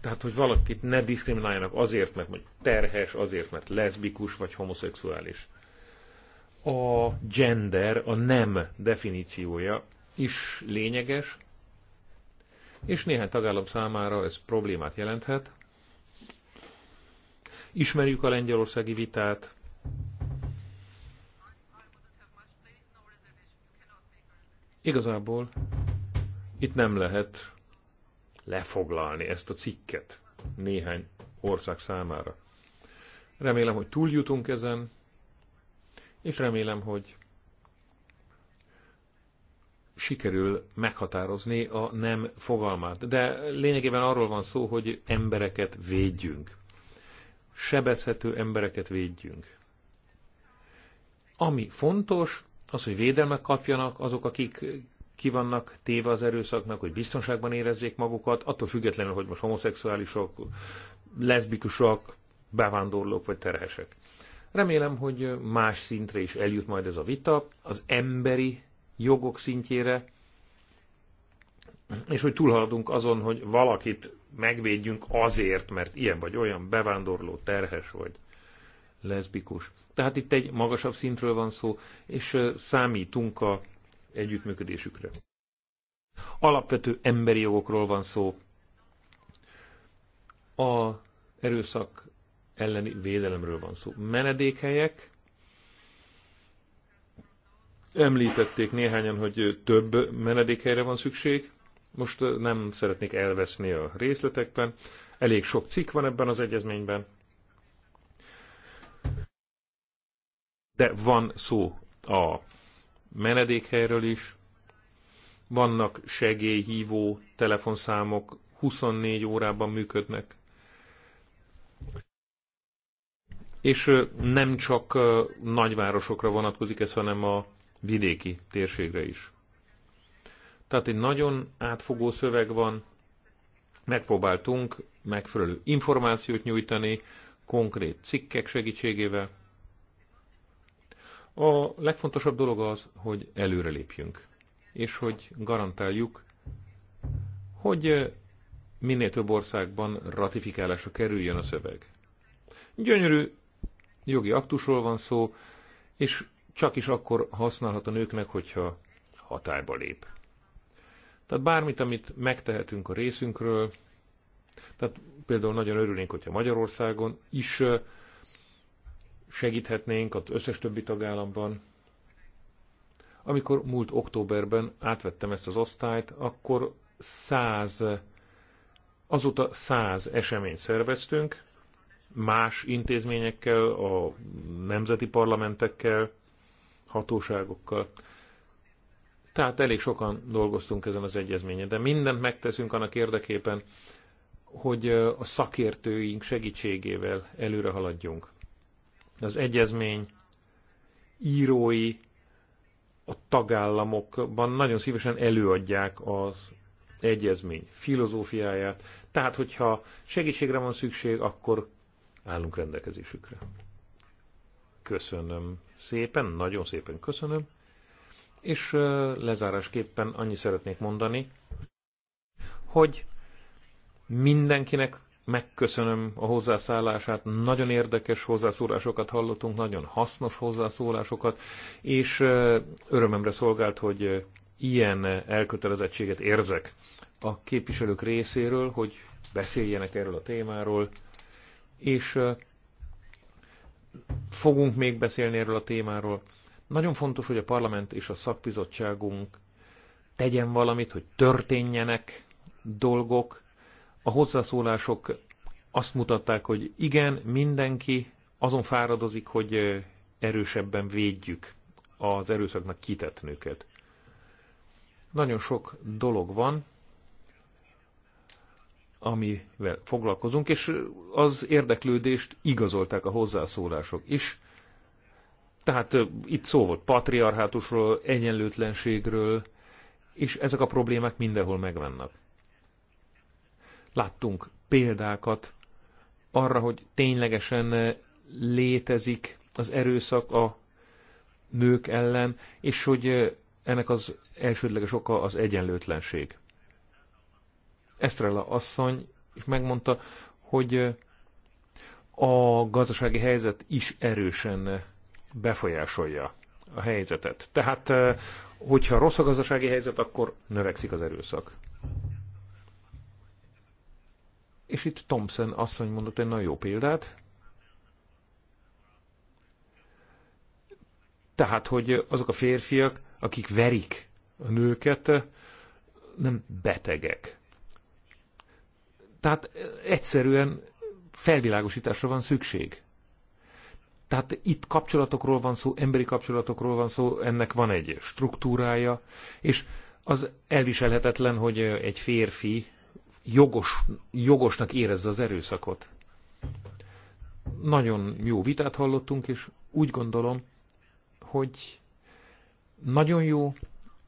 tehát hogy valakit ne diszkrimináljanak azért, mert mondjuk terhes, azért, mert leszbikus vagy homoszexuális. A gender, a nem definíciója is lényeges, és néhány tagállam számára ez problémát jelenthet. Ismerjük a lengyelországi vitát, Igazából itt nem lehet lefoglalni ezt a cikket néhány ország számára. Remélem, hogy túljutunk ezen, és remélem, hogy sikerül meghatározni a nem fogalmát. De lényegében arról van szó, hogy embereket védjünk. Sebezhető embereket védjünk. Ami fontos, az, hogy védelmet kapjanak azok, akik ki vannak téve az erőszaknak, hogy biztonságban érezzék magukat, attól függetlenül, hogy most homoszexuálisok, leszbikusok, bevándorlók vagy terhesek. Remélem, hogy más szintre is eljut majd ez a vita, az emberi jogok szintjére, és hogy túlhaladunk azon, hogy valakit megvédjünk azért, mert ilyen vagy olyan bevándorló, terhes vagy leszbikus. Tehát itt egy magasabb szintről van szó, és számítunk a együttműködésükre. Alapvető emberi jogokról van szó. A erőszak elleni védelemről van szó. Menedékhelyek, említették néhányan, hogy több menedékhelyre van szükség. Most nem szeretnék elveszni a részletekben. Elég sok cikk van ebben az egyezményben. De van szó a menedékhelyről is, vannak segélyhívó telefonszámok, 24 órában működnek. És nem csak nagyvárosokra vonatkozik ez, hanem a vidéki térségre is. Tehát egy nagyon átfogó szöveg van, megpróbáltunk megfelelő információt nyújtani, konkrét cikkek segítségével, a legfontosabb dolog az, hogy előre lépjünk és hogy garantáljuk, hogy eh, minél több országban ratifikálásra kerüljön a szöveg. Gyönyörű jogi aktusról van szó, és csak is akkor használhat a nőknek, hogyha hatályba lép. Tehát bármit, amit megtehetünk a részünkről, tehát például nagyon örülnénk, hogyha Magyarországon is eh, segíthetnénk az összes többi tagállamban. Amikor múlt októberben átvettem ezt az osztályt, akkor száz, azóta száz eseményt szerveztünk, más intézményekkel, a nemzeti parlamentekkel, hatóságokkal. Tehát elég sokan dolgoztunk ezen az egyezményen, de mindent megteszünk annak érdekében, hogy a szakértőink segítségével előre haladjunk az egyezmény írói a tagállamokban nagyon szívesen előadják az egyezmény filozófiáját. Tehát, hogyha segítségre van szükség, akkor állunk rendelkezésükre. Köszönöm szépen, nagyon szépen köszönöm. És lezárásképpen annyi szeretnék mondani, hogy mindenkinek megköszönöm a hozzászállását, nagyon érdekes hozzászólásokat hallottunk, nagyon hasznos hozzászólásokat, és örömemre szolgált, hogy ilyen elkötelezettséget érzek a képviselők részéről, hogy beszéljenek erről a témáról, és fogunk még beszélni erről a témáról. Nagyon fontos, hogy a parlament és a szakbizottságunk tegyen valamit, hogy történjenek dolgok, a hozzászólások azt mutatták, hogy igen, mindenki azon fáradozik, hogy erősebben védjük az erőszaknak kitett nőket. Nagyon sok dolog van, amivel foglalkozunk, és az érdeklődést igazolták a hozzászólások is. Tehát itt szó volt patriarhátusról, egyenlőtlenségről, és ezek a problémák mindenhol megvannak. Láttunk példákat arra, hogy ténylegesen eh, létezik az erőszak a nők ellen, és hogy eh, ennek az elsődleges oka az egyenlőtlenség. Estrella asszony is megmondta, hogy eh, a gazdasági helyzet is erősen befolyásolja a helyzetet. Tehát, hogyha rossz a gazdasági helyzet, akkor növekszik az erőszak és itt Thompson asszony mondott egy nagyon jó példát, tehát, hogy azok a férfiak, akik verik a nőket, nem betegek. Tehát egyszerűen felvilágosításra van szükség. Tehát itt kapcsolatokról van szó, emberi kapcsolatokról van szó, ennek van egy struktúrája, és az elviselhetetlen, hogy egy férfi jogos, jogosnak érezze az erőszakot. Nagyon jó vitát hallottunk, és úgy gondolom, hogy nagyon jó,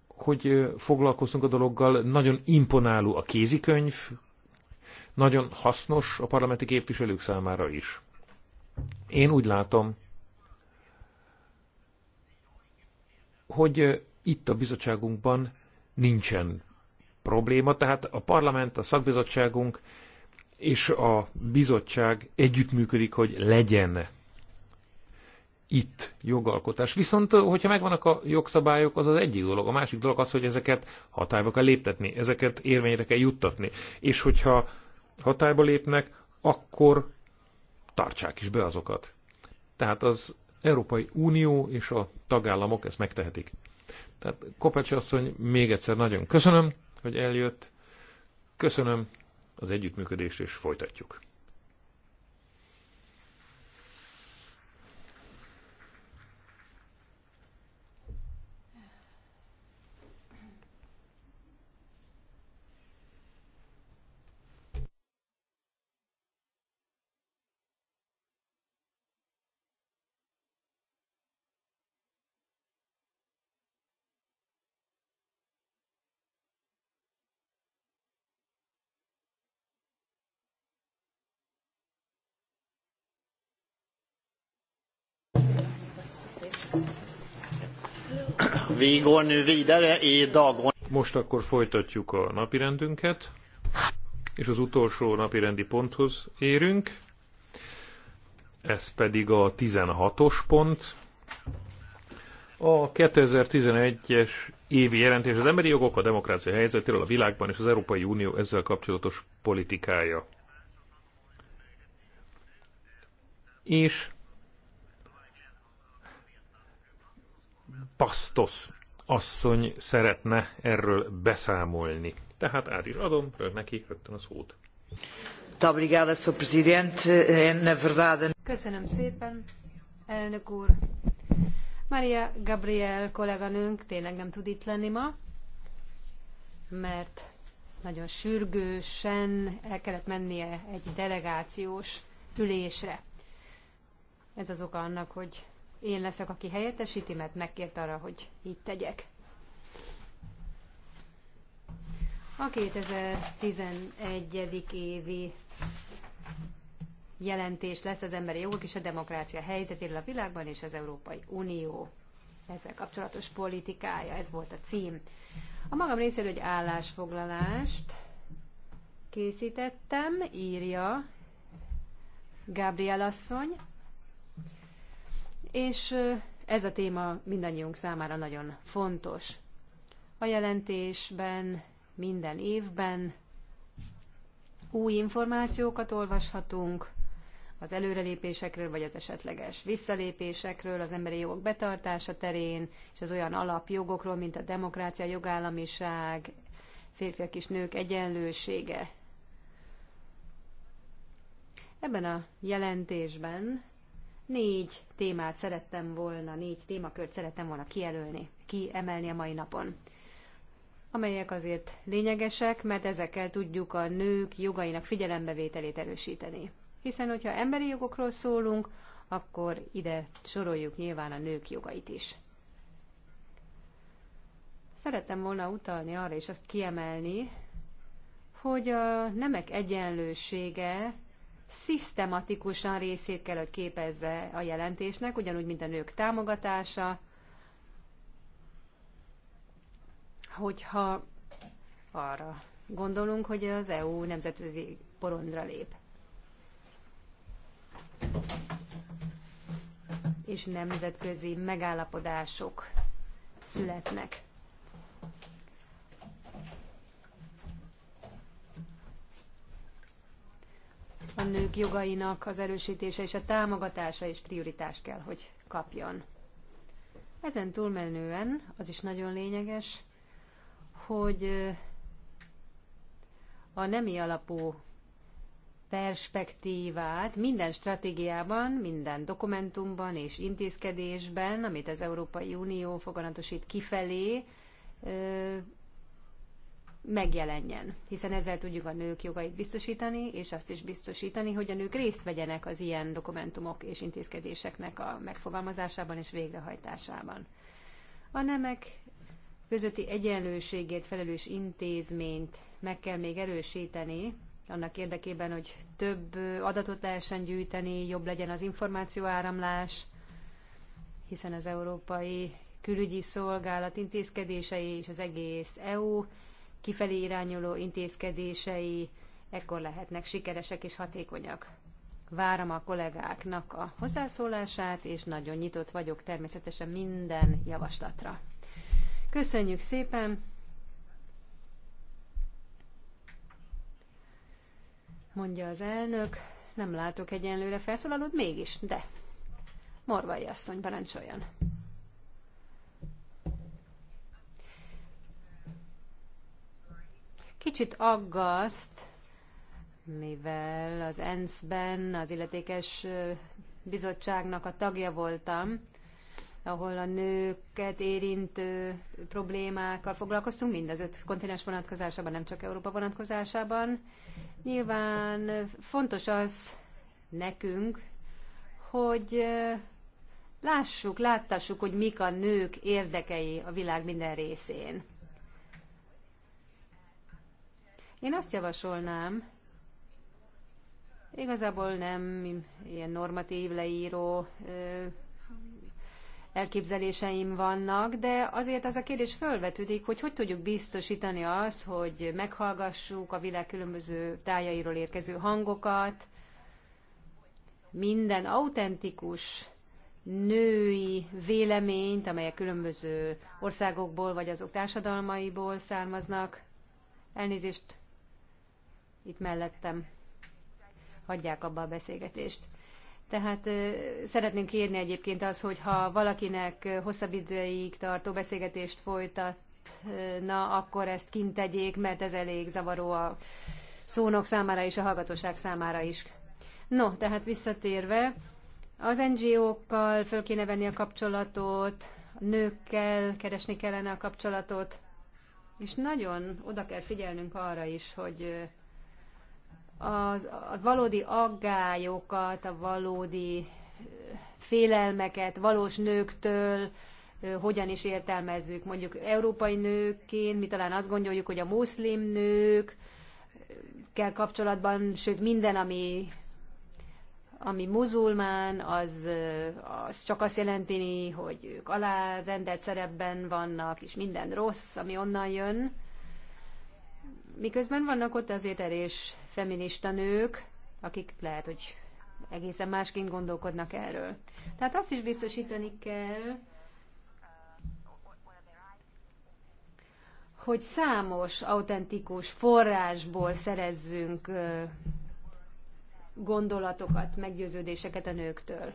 hogy foglalkoztunk a dologgal, nagyon imponáló a kézikönyv, nagyon hasznos a parlamenti képviselők számára is. Én úgy látom, hogy itt a bizottságunkban nincsen probléma, tehát a parlament, a szakbizottságunk és a bizottság együttműködik, hogy legyen itt jogalkotás. Viszont, hogyha megvannak a jogszabályok, az az egyik dolog. A másik dolog az, hogy ezeket hatályba kell léptetni, ezeket érvényre kell juttatni. És hogyha hatályba lépnek, akkor tartsák is be azokat. Tehát az Európai Unió és a tagállamok ezt megtehetik. Tehát Kopecs asszony, még egyszer nagyon köszönöm hogy eljött. Köszönöm az együttműködést, és folytatjuk. Vi går nu vidare i dagordningen. Most akkor folytatjuk a napirendünket, és az utolsó napirendi ponthoz érünk. Ez pedig a 16-os pont. A 2011-es évi jelentés az emberi jogok, a demokrácia helyzetéről a világban és az Európai Unió ezzel kapcsolatos politikája. És Pasztos asszony szeretne erről beszámolni. Tehát át is adom neki rögtön a szót. Eh, Köszönöm szépen, elnök úr. Maria Gabriel kolléganőnk tényleg nem tud itt lenni ma, mert nagyon sürgősen el kellett mennie egy delegációs ülésre. Ez az oka annak, hogy én leszek, aki helyettesíti, mert megkért arra, hogy így tegyek. A 2011. évi jelentés lesz az emberi jogok és a demokrácia helyzetéről a világban és az Európai Unió ezzel kapcsolatos politikája, ez volt a cím. A magam részéről egy állásfoglalást készítettem, írja Gabriel asszony, és ez a téma mindannyiunk számára nagyon fontos. A jelentésben minden évben új információkat olvashatunk az előrelépésekről, vagy az esetleges visszalépésekről, az emberi jogok betartása terén, és az olyan alapjogokról, mint a demokrácia, jogállamiság, férfiak és nők egyenlősége. Ebben a jelentésben Négy témát szerettem volna, négy témakört szerettem volna kijelölni, kiemelni a mai napon amelyek azért lényegesek, mert ezekkel tudjuk a nők jogainak figyelembevételét erősíteni. Hiszen, hogyha emberi jogokról szólunk, akkor ide soroljuk nyilván a nők jogait is. Szerettem volna utalni arra és azt kiemelni, hogy a nemek egyenlősége szisztematikusan részét kell, hogy képezze a jelentésnek, ugyanúgy, mint a nők támogatása, hogyha arra gondolunk, hogy az EU nemzetközi porondra lép. És nemzetközi megállapodások születnek. a nők jogainak az erősítése és a támogatása is prioritás kell, hogy kapjon. Ezen túlmenően az is nagyon lényeges, hogy a nemi alapú perspektívát minden stratégiában, minden dokumentumban és intézkedésben, amit az Európai Unió foganatosít kifelé, megjelenjen, hiszen ezzel tudjuk a nők jogait biztosítani, és azt is biztosítani, hogy a nők részt vegyenek az ilyen dokumentumok és intézkedéseknek a megfogalmazásában és végrehajtásában. A nemek közötti egyenlőségét felelős intézményt meg kell még erősíteni, annak érdekében, hogy több adatot lehessen gyűjteni, jobb legyen az információáramlás, hiszen az Európai Külügyi Szolgálat intézkedései és az egész EU kifelé irányuló intézkedései ekkor lehetnek sikeresek és hatékonyak. Várom a kollégáknak a hozzászólását, és nagyon nyitott vagyok természetesen minden javaslatra. Köszönjük szépen! Mondja az elnök, nem látok egyenlőre felszólalót, mégis, de. Morvai asszony, parancsoljon! Kicsit aggaszt, mivel az ENSZ-ben az illetékes bizottságnak a tagja voltam, ahol a nőket érintő problémákkal foglalkoztunk, mind az öt kontinens vonatkozásában, nem csak Európa vonatkozásában. Nyilván fontos az nekünk, hogy lássuk, láttassuk, hogy mik a nők érdekei a világ minden részén. Én azt javasolnám, igazából nem ilyen normatív leíró elképzeléseim vannak, de azért az a kérdés fölvetődik, hogy hogy tudjuk biztosítani azt, hogy meghallgassuk a világ különböző tájairól érkező hangokat, minden autentikus női véleményt, amelyek különböző országokból vagy azok társadalmaiból származnak. Elnézést, itt mellettem hagyják abba a beszélgetést. Tehát szeretnénk kérni egyébként az, hogy ha valakinek hosszabb időig tartó beszélgetést folytatna, akkor ezt kint tegyék, mert ez elég zavaró a szónok számára és a hallgatóság számára is. No, tehát visszatérve, az NGO-kkal föl kéne venni a kapcsolatot, a nőkkel keresni kellene a kapcsolatot, és nagyon oda kell figyelnünk arra is, hogy az, a valódi aggályokat, a valódi félelmeket valós nőktől hogyan is értelmezzük. Mondjuk európai nőként mi talán azt gondoljuk, hogy a muszlim nők kell kapcsolatban, sőt minden, ami, ami muzulmán, az, az csak azt jelenti, hogy ők alárendelt szerepben vannak, és minden rossz, ami onnan jön. Miközben vannak ott azért erős feminista nők, akik lehet, hogy egészen másként gondolkodnak erről. Tehát azt is biztosítani kell, hogy számos autentikus forrásból szerezzünk gondolatokat, meggyőződéseket a nőktől.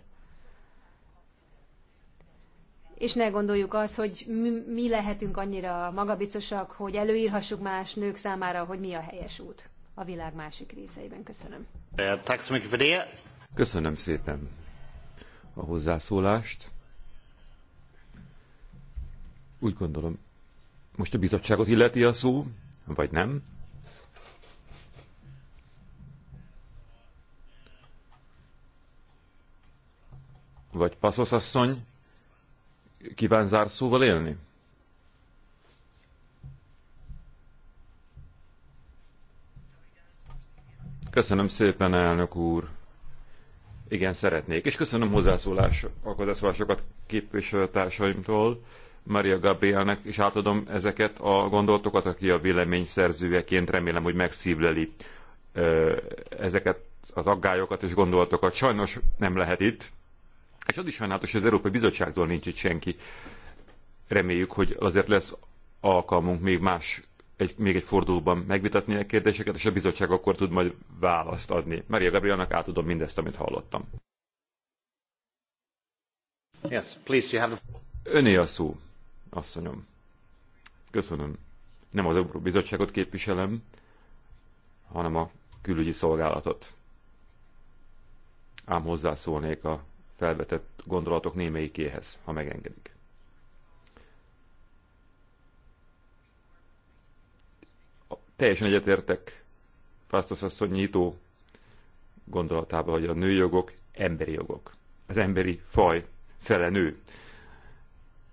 És ne gondoljuk azt, hogy mi lehetünk annyira magabiztosak, hogy előírhassuk más nők számára, hogy mi a helyes út a világ másik részeiben. Köszönöm. Köszönöm szépen a hozzászólást. Úgy gondolom, most a bizottságot illeti a szó, vagy nem? Vagy Passos asszony kíván zárszóval élni? Köszönöm szépen, elnök úr. Igen, szeretnék. És köszönöm hozzászólás, a hozzászólásokat képviselőtársaimtól, Maria Gabrielnek, és átadom ezeket a gondolatokat, aki a vélemény szerzőjeként remélem, hogy megszívleli ezeket az aggályokat és gondolatokat. Sajnos nem lehet itt, és az is sajnálatos, hogy az Európai Bizottságtól nincs itt senki. Reméljük, hogy azért lesz alkalmunk még más egy, még egy fordulóban megvitatni a kérdéseket, és a bizottság akkor tud majd választ adni. Maria Gabrielnak átadom mindezt, amit hallottam. Yes, please, you have... Öné a szó, asszonyom. Köszönöm. Nem az Európai Bizottságot képviselem, hanem a külügyi szolgálatot. Ám hozzászólnék a felvetett gondolatok némelyikéhez, ha megengedik. Teljesen egyetértek Pásztos asszony nyitó gondolatával, hogy a nőjogok emberi jogok. Az emberi faj fele nő.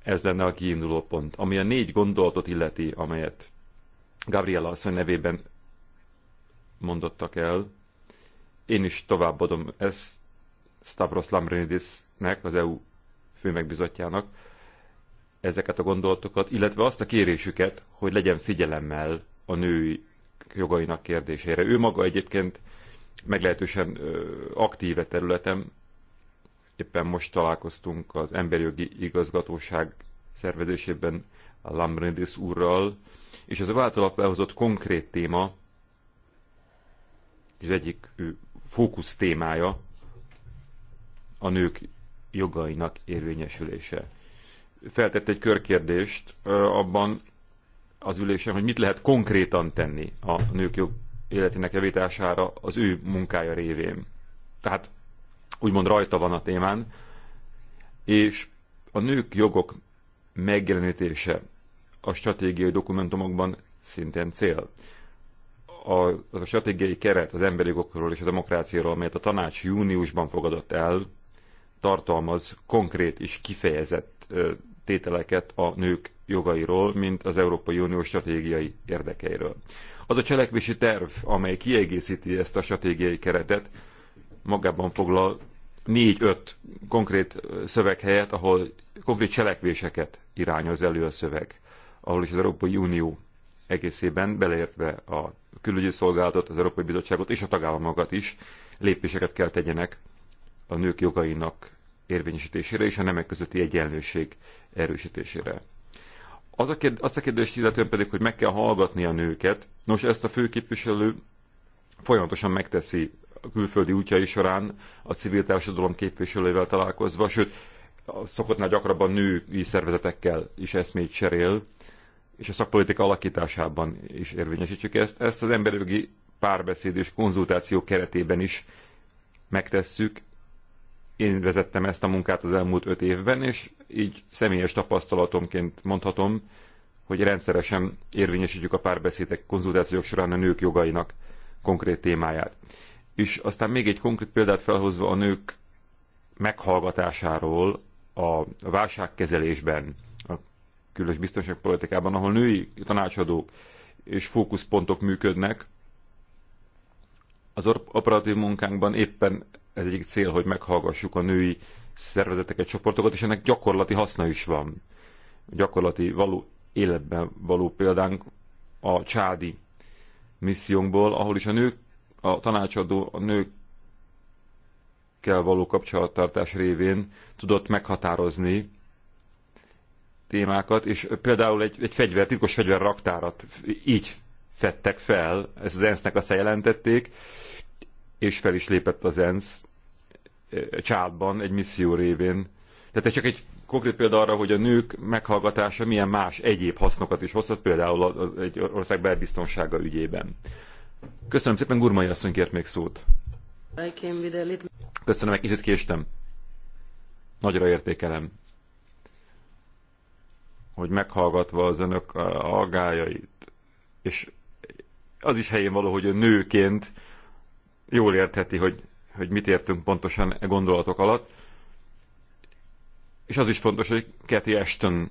Ez lenne a kiinduló pont. Ami a négy gondolatot illeti, amelyet Gabriela asszony nevében mondottak el, én is továbbadom ezt Stavros Lambrinidisnek, az EU főmegbizotjának, ezeket a gondolatokat, illetve azt a kérésüket, hogy legyen figyelemmel a női jogainak kérdésére. Ő maga egyébként meglehetősen aktíve területen, Éppen most találkoztunk az Emberjogi Igazgatóság szervezésében a Lambrindis úrral, és ez a váltalap behozott konkrét téma, és egyik egyik fókusz témája a nők jogainak érvényesülése. Feltett egy körkérdést abban, az ülésen, hogy mit lehet konkrétan tenni a nők jog életének javítására az ő munkája révén. Tehát úgymond rajta van a témán, és a nők jogok megjelenítése a stratégiai dokumentumokban szintén cél. A, az a stratégiai keret az emberi jogokról és a demokráciáról, amelyet a tanács júniusban fogadott el, tartalmaz konkrét és kifejezett tételeket a nők jogairól, mint az Európai Unió stratégiai érdekeiről. Az a cselekvési terv, amely kiegészíti ezt a stratégiai keretet, magában foglal négy-öt konkrét szöveg helyett, ahol konkrét cselekvéseket irányoz elő a szöveg, ahol is az Európai Unió egészében, beleértve a külügyi szolgálatot, az Európai Bizottságot és a tagállamokat is lépéseket kell tegyenek a nők jogainak érvényesítésére és a nemek közötti egyenlőség erősítésére. Az a kérd, azt a kérdést illetően pedig, hogy meg kell hallgatni a nőket. Nos, ezt a főképviselő folyamatosan megteszi a külföldi útjai során a civil társadalom képviselőivel találkozva, sőt, szokottnál gyakrabban női szervezetekkel is eszmét cserél, és a szakpolitika alakításában is érvényesítjük ezt. Ezt az emberjogi párbeszéd és konzultáció keretében is megtesszük, én vezettem ezt a munkát az elmúlt öt évben, és így személyes tapasztalatomként mondhatom, hogy rendszeresen érvényesítjük a párbeszédek, konzultációk során a nők jogainak konkrét témáját. És aztán még egy konkrét példát felhozva a nők meghallgatásáról a válságkezelésben, a különös biztonságpolitikában, ahol női tanácsadók és fókuszpontok működnek, az operatív munkánkban éppen ez egyik cél, hogy meghallgassuk a női szervezeteket, csoportokat, és ennek gyakorlati haszna is van. Gyakorlati való életben való példánk a csádi missziónkból, ahol is a nők, a tanácsadó a nőkkel való kapcsolattartás révén tudott meghatározni témákat, és például egy, egy fegyver, titkos fegyver raktárat így fettek fel, ezt az ensz a jelentették, és fel is lépett az ENSZ eh, csádban egy misszió révén. Tehát ez csak egy konkrét példa arra, hogy a nők meghallgatása milyen más egyéb hasznokat is hozhat, például egy ország belbiztonsága ügyében. Köszönöm szépen, Gurmai asszony kért még szót. Köszönöm, egy kicsit késtem. Nagyra értékelem, hogy meghallgatva az önök eh, aggájait, és az is helyén való, hogy a nőként jól értheti, hogy, hogy mit értünk pontosan e gondolatok alatt. És az is fontos, hogy Kathy Ashton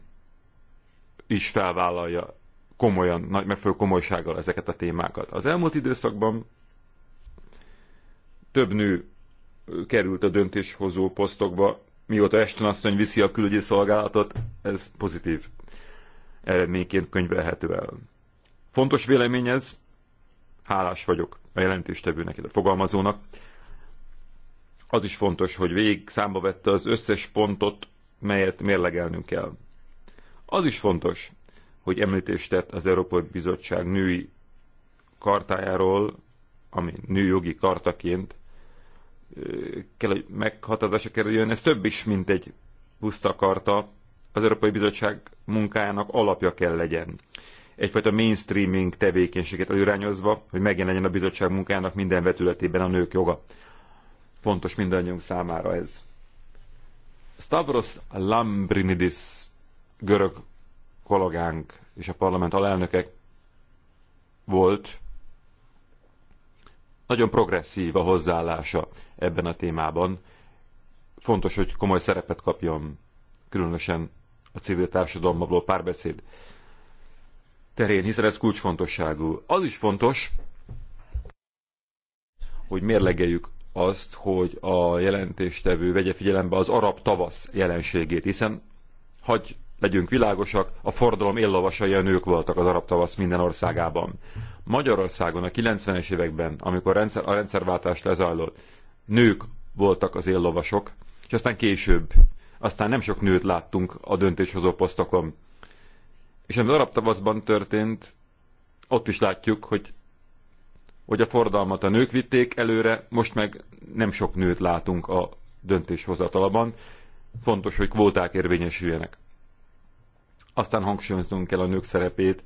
is felvállalja komolyan, nagy megfelelő komolysággal ezeket a témákat. Az elmúlt időszakban több nő került a döntéshozó posztokba, mióta Ashton asszony viszi a külügyi szolgálatot, ez pozitív eredményként könyvelhető el. Fontos vélemény ez, hálás vagyok a jelentéstevőnek, a fogalmazónak. Az is fontos, hogy végig számba vette az összes pontot, melyet mérlegelnünk kell. Az is fontos, hogy említést tett az Európai Bizottság női kartájáról, ami nőjogi kartaként kell, hogy meghatározása kerüljön. Ez több is, mint egy puszta karta. Az Európai Bizottság munkájának alapja kell legyen egyfajta mainstreaming tevékenységet előrányozva, hogy megjelenjen a bizottság munkának minden vetületében a nők joga. Fontos mindannyiunk számára ez. Stavros Lambrinidis görög kollégánk és a parlament alelnöke volt, nagyon progresszív a hozzáállása ebben a témában. Fontos, hogy komoly szerepet kapjon, különösen a civil való párbeszéd terén, hiszen ez kulcsfontosságú. Az is fontos, hogy mérlegeljük azt, hogy a jelentéstevő vegye figyelembe az arab tavasz jelenségét, hiszen hagy legyünk világosak, a forradalom éllavasai a nők voltak az arab tavasz minden országában. Magyarországon a 90-es években, amikor a rendszerváltás lezajlott, nők voltak az éllovasok, és aztán később, aztán nem sok nőt láttunk a döntéshozó posztokon. És ami arab tavaszban történt, ott is látjuk, hogy, hogy a fordalmat a nők vitték előre, most meg nem sok nőt látunk a döntéshozatalban. Fontos, hogy kvóták érvényesüljenek. Aztán hangsúlyoznunk kell a nők szerepét,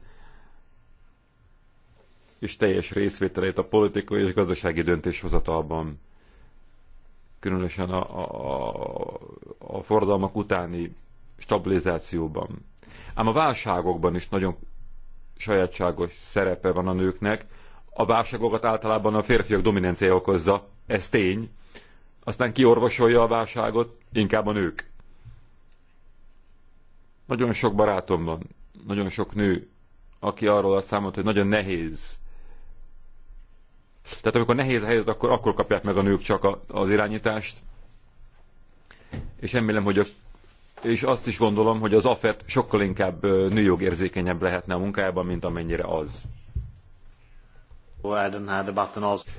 és teljes részvételét a politikai és gazdasági döntéshozatalban. Különösen a, a, a fordalmak utáni stabilizációban. Ám a válságokban is nagyon sajátságos szerepe van a nőknek. A válságokat általában a férfiak dominancia okozza, ez tény. Aztán kiorvosolja a válságot, inkább a nők. Nagyon sok barátom van, nagyon sok nő, aki arról ad számot, hogy nagyon nehéz. Tehát amikor nehéz a helyzet, akkor, akkor kapják meg a nők csak a, az irányítást. És remélem, hogy a és azt is gondolom, hogy az AFET sokkal inkább nőjogérzékenyebb lehetne a munkájában, mint amennyire az.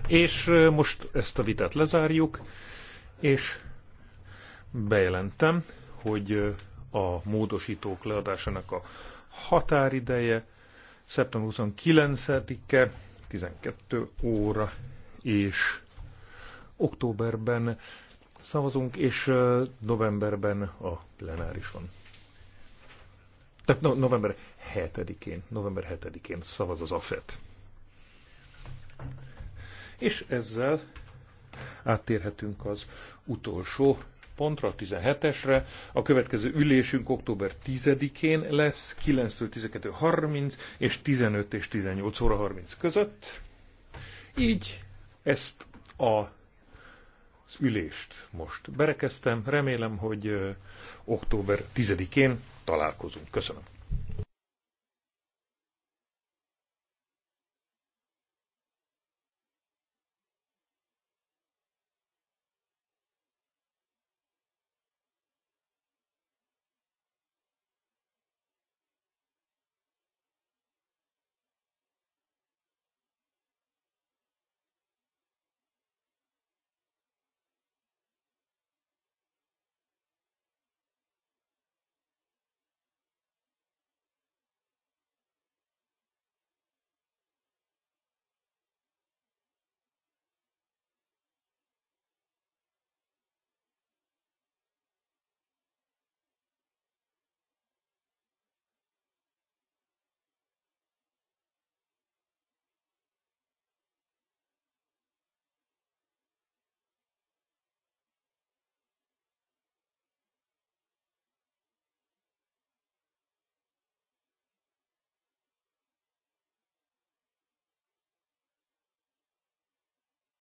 És most ezt a vitát lezárjuk, és bejelentem, hogy a módosítók leadásának a határideje szeptember 29-e 12 óra, és októberben szavazunk, és novemberben a plenáris van. Tehát no, november 7-én, november 7-én szavaz az AFET. És ezzel áttérhetünk az utolsó pontra, a 17-esre. A következő ülésünk október 10-én lesz, 9-től 12.30 és 15 és 18 óra 30 között. Így ezt a az ülést most berekeztem. Remélem, hogy október 10-én találkozunk. Köszönöm.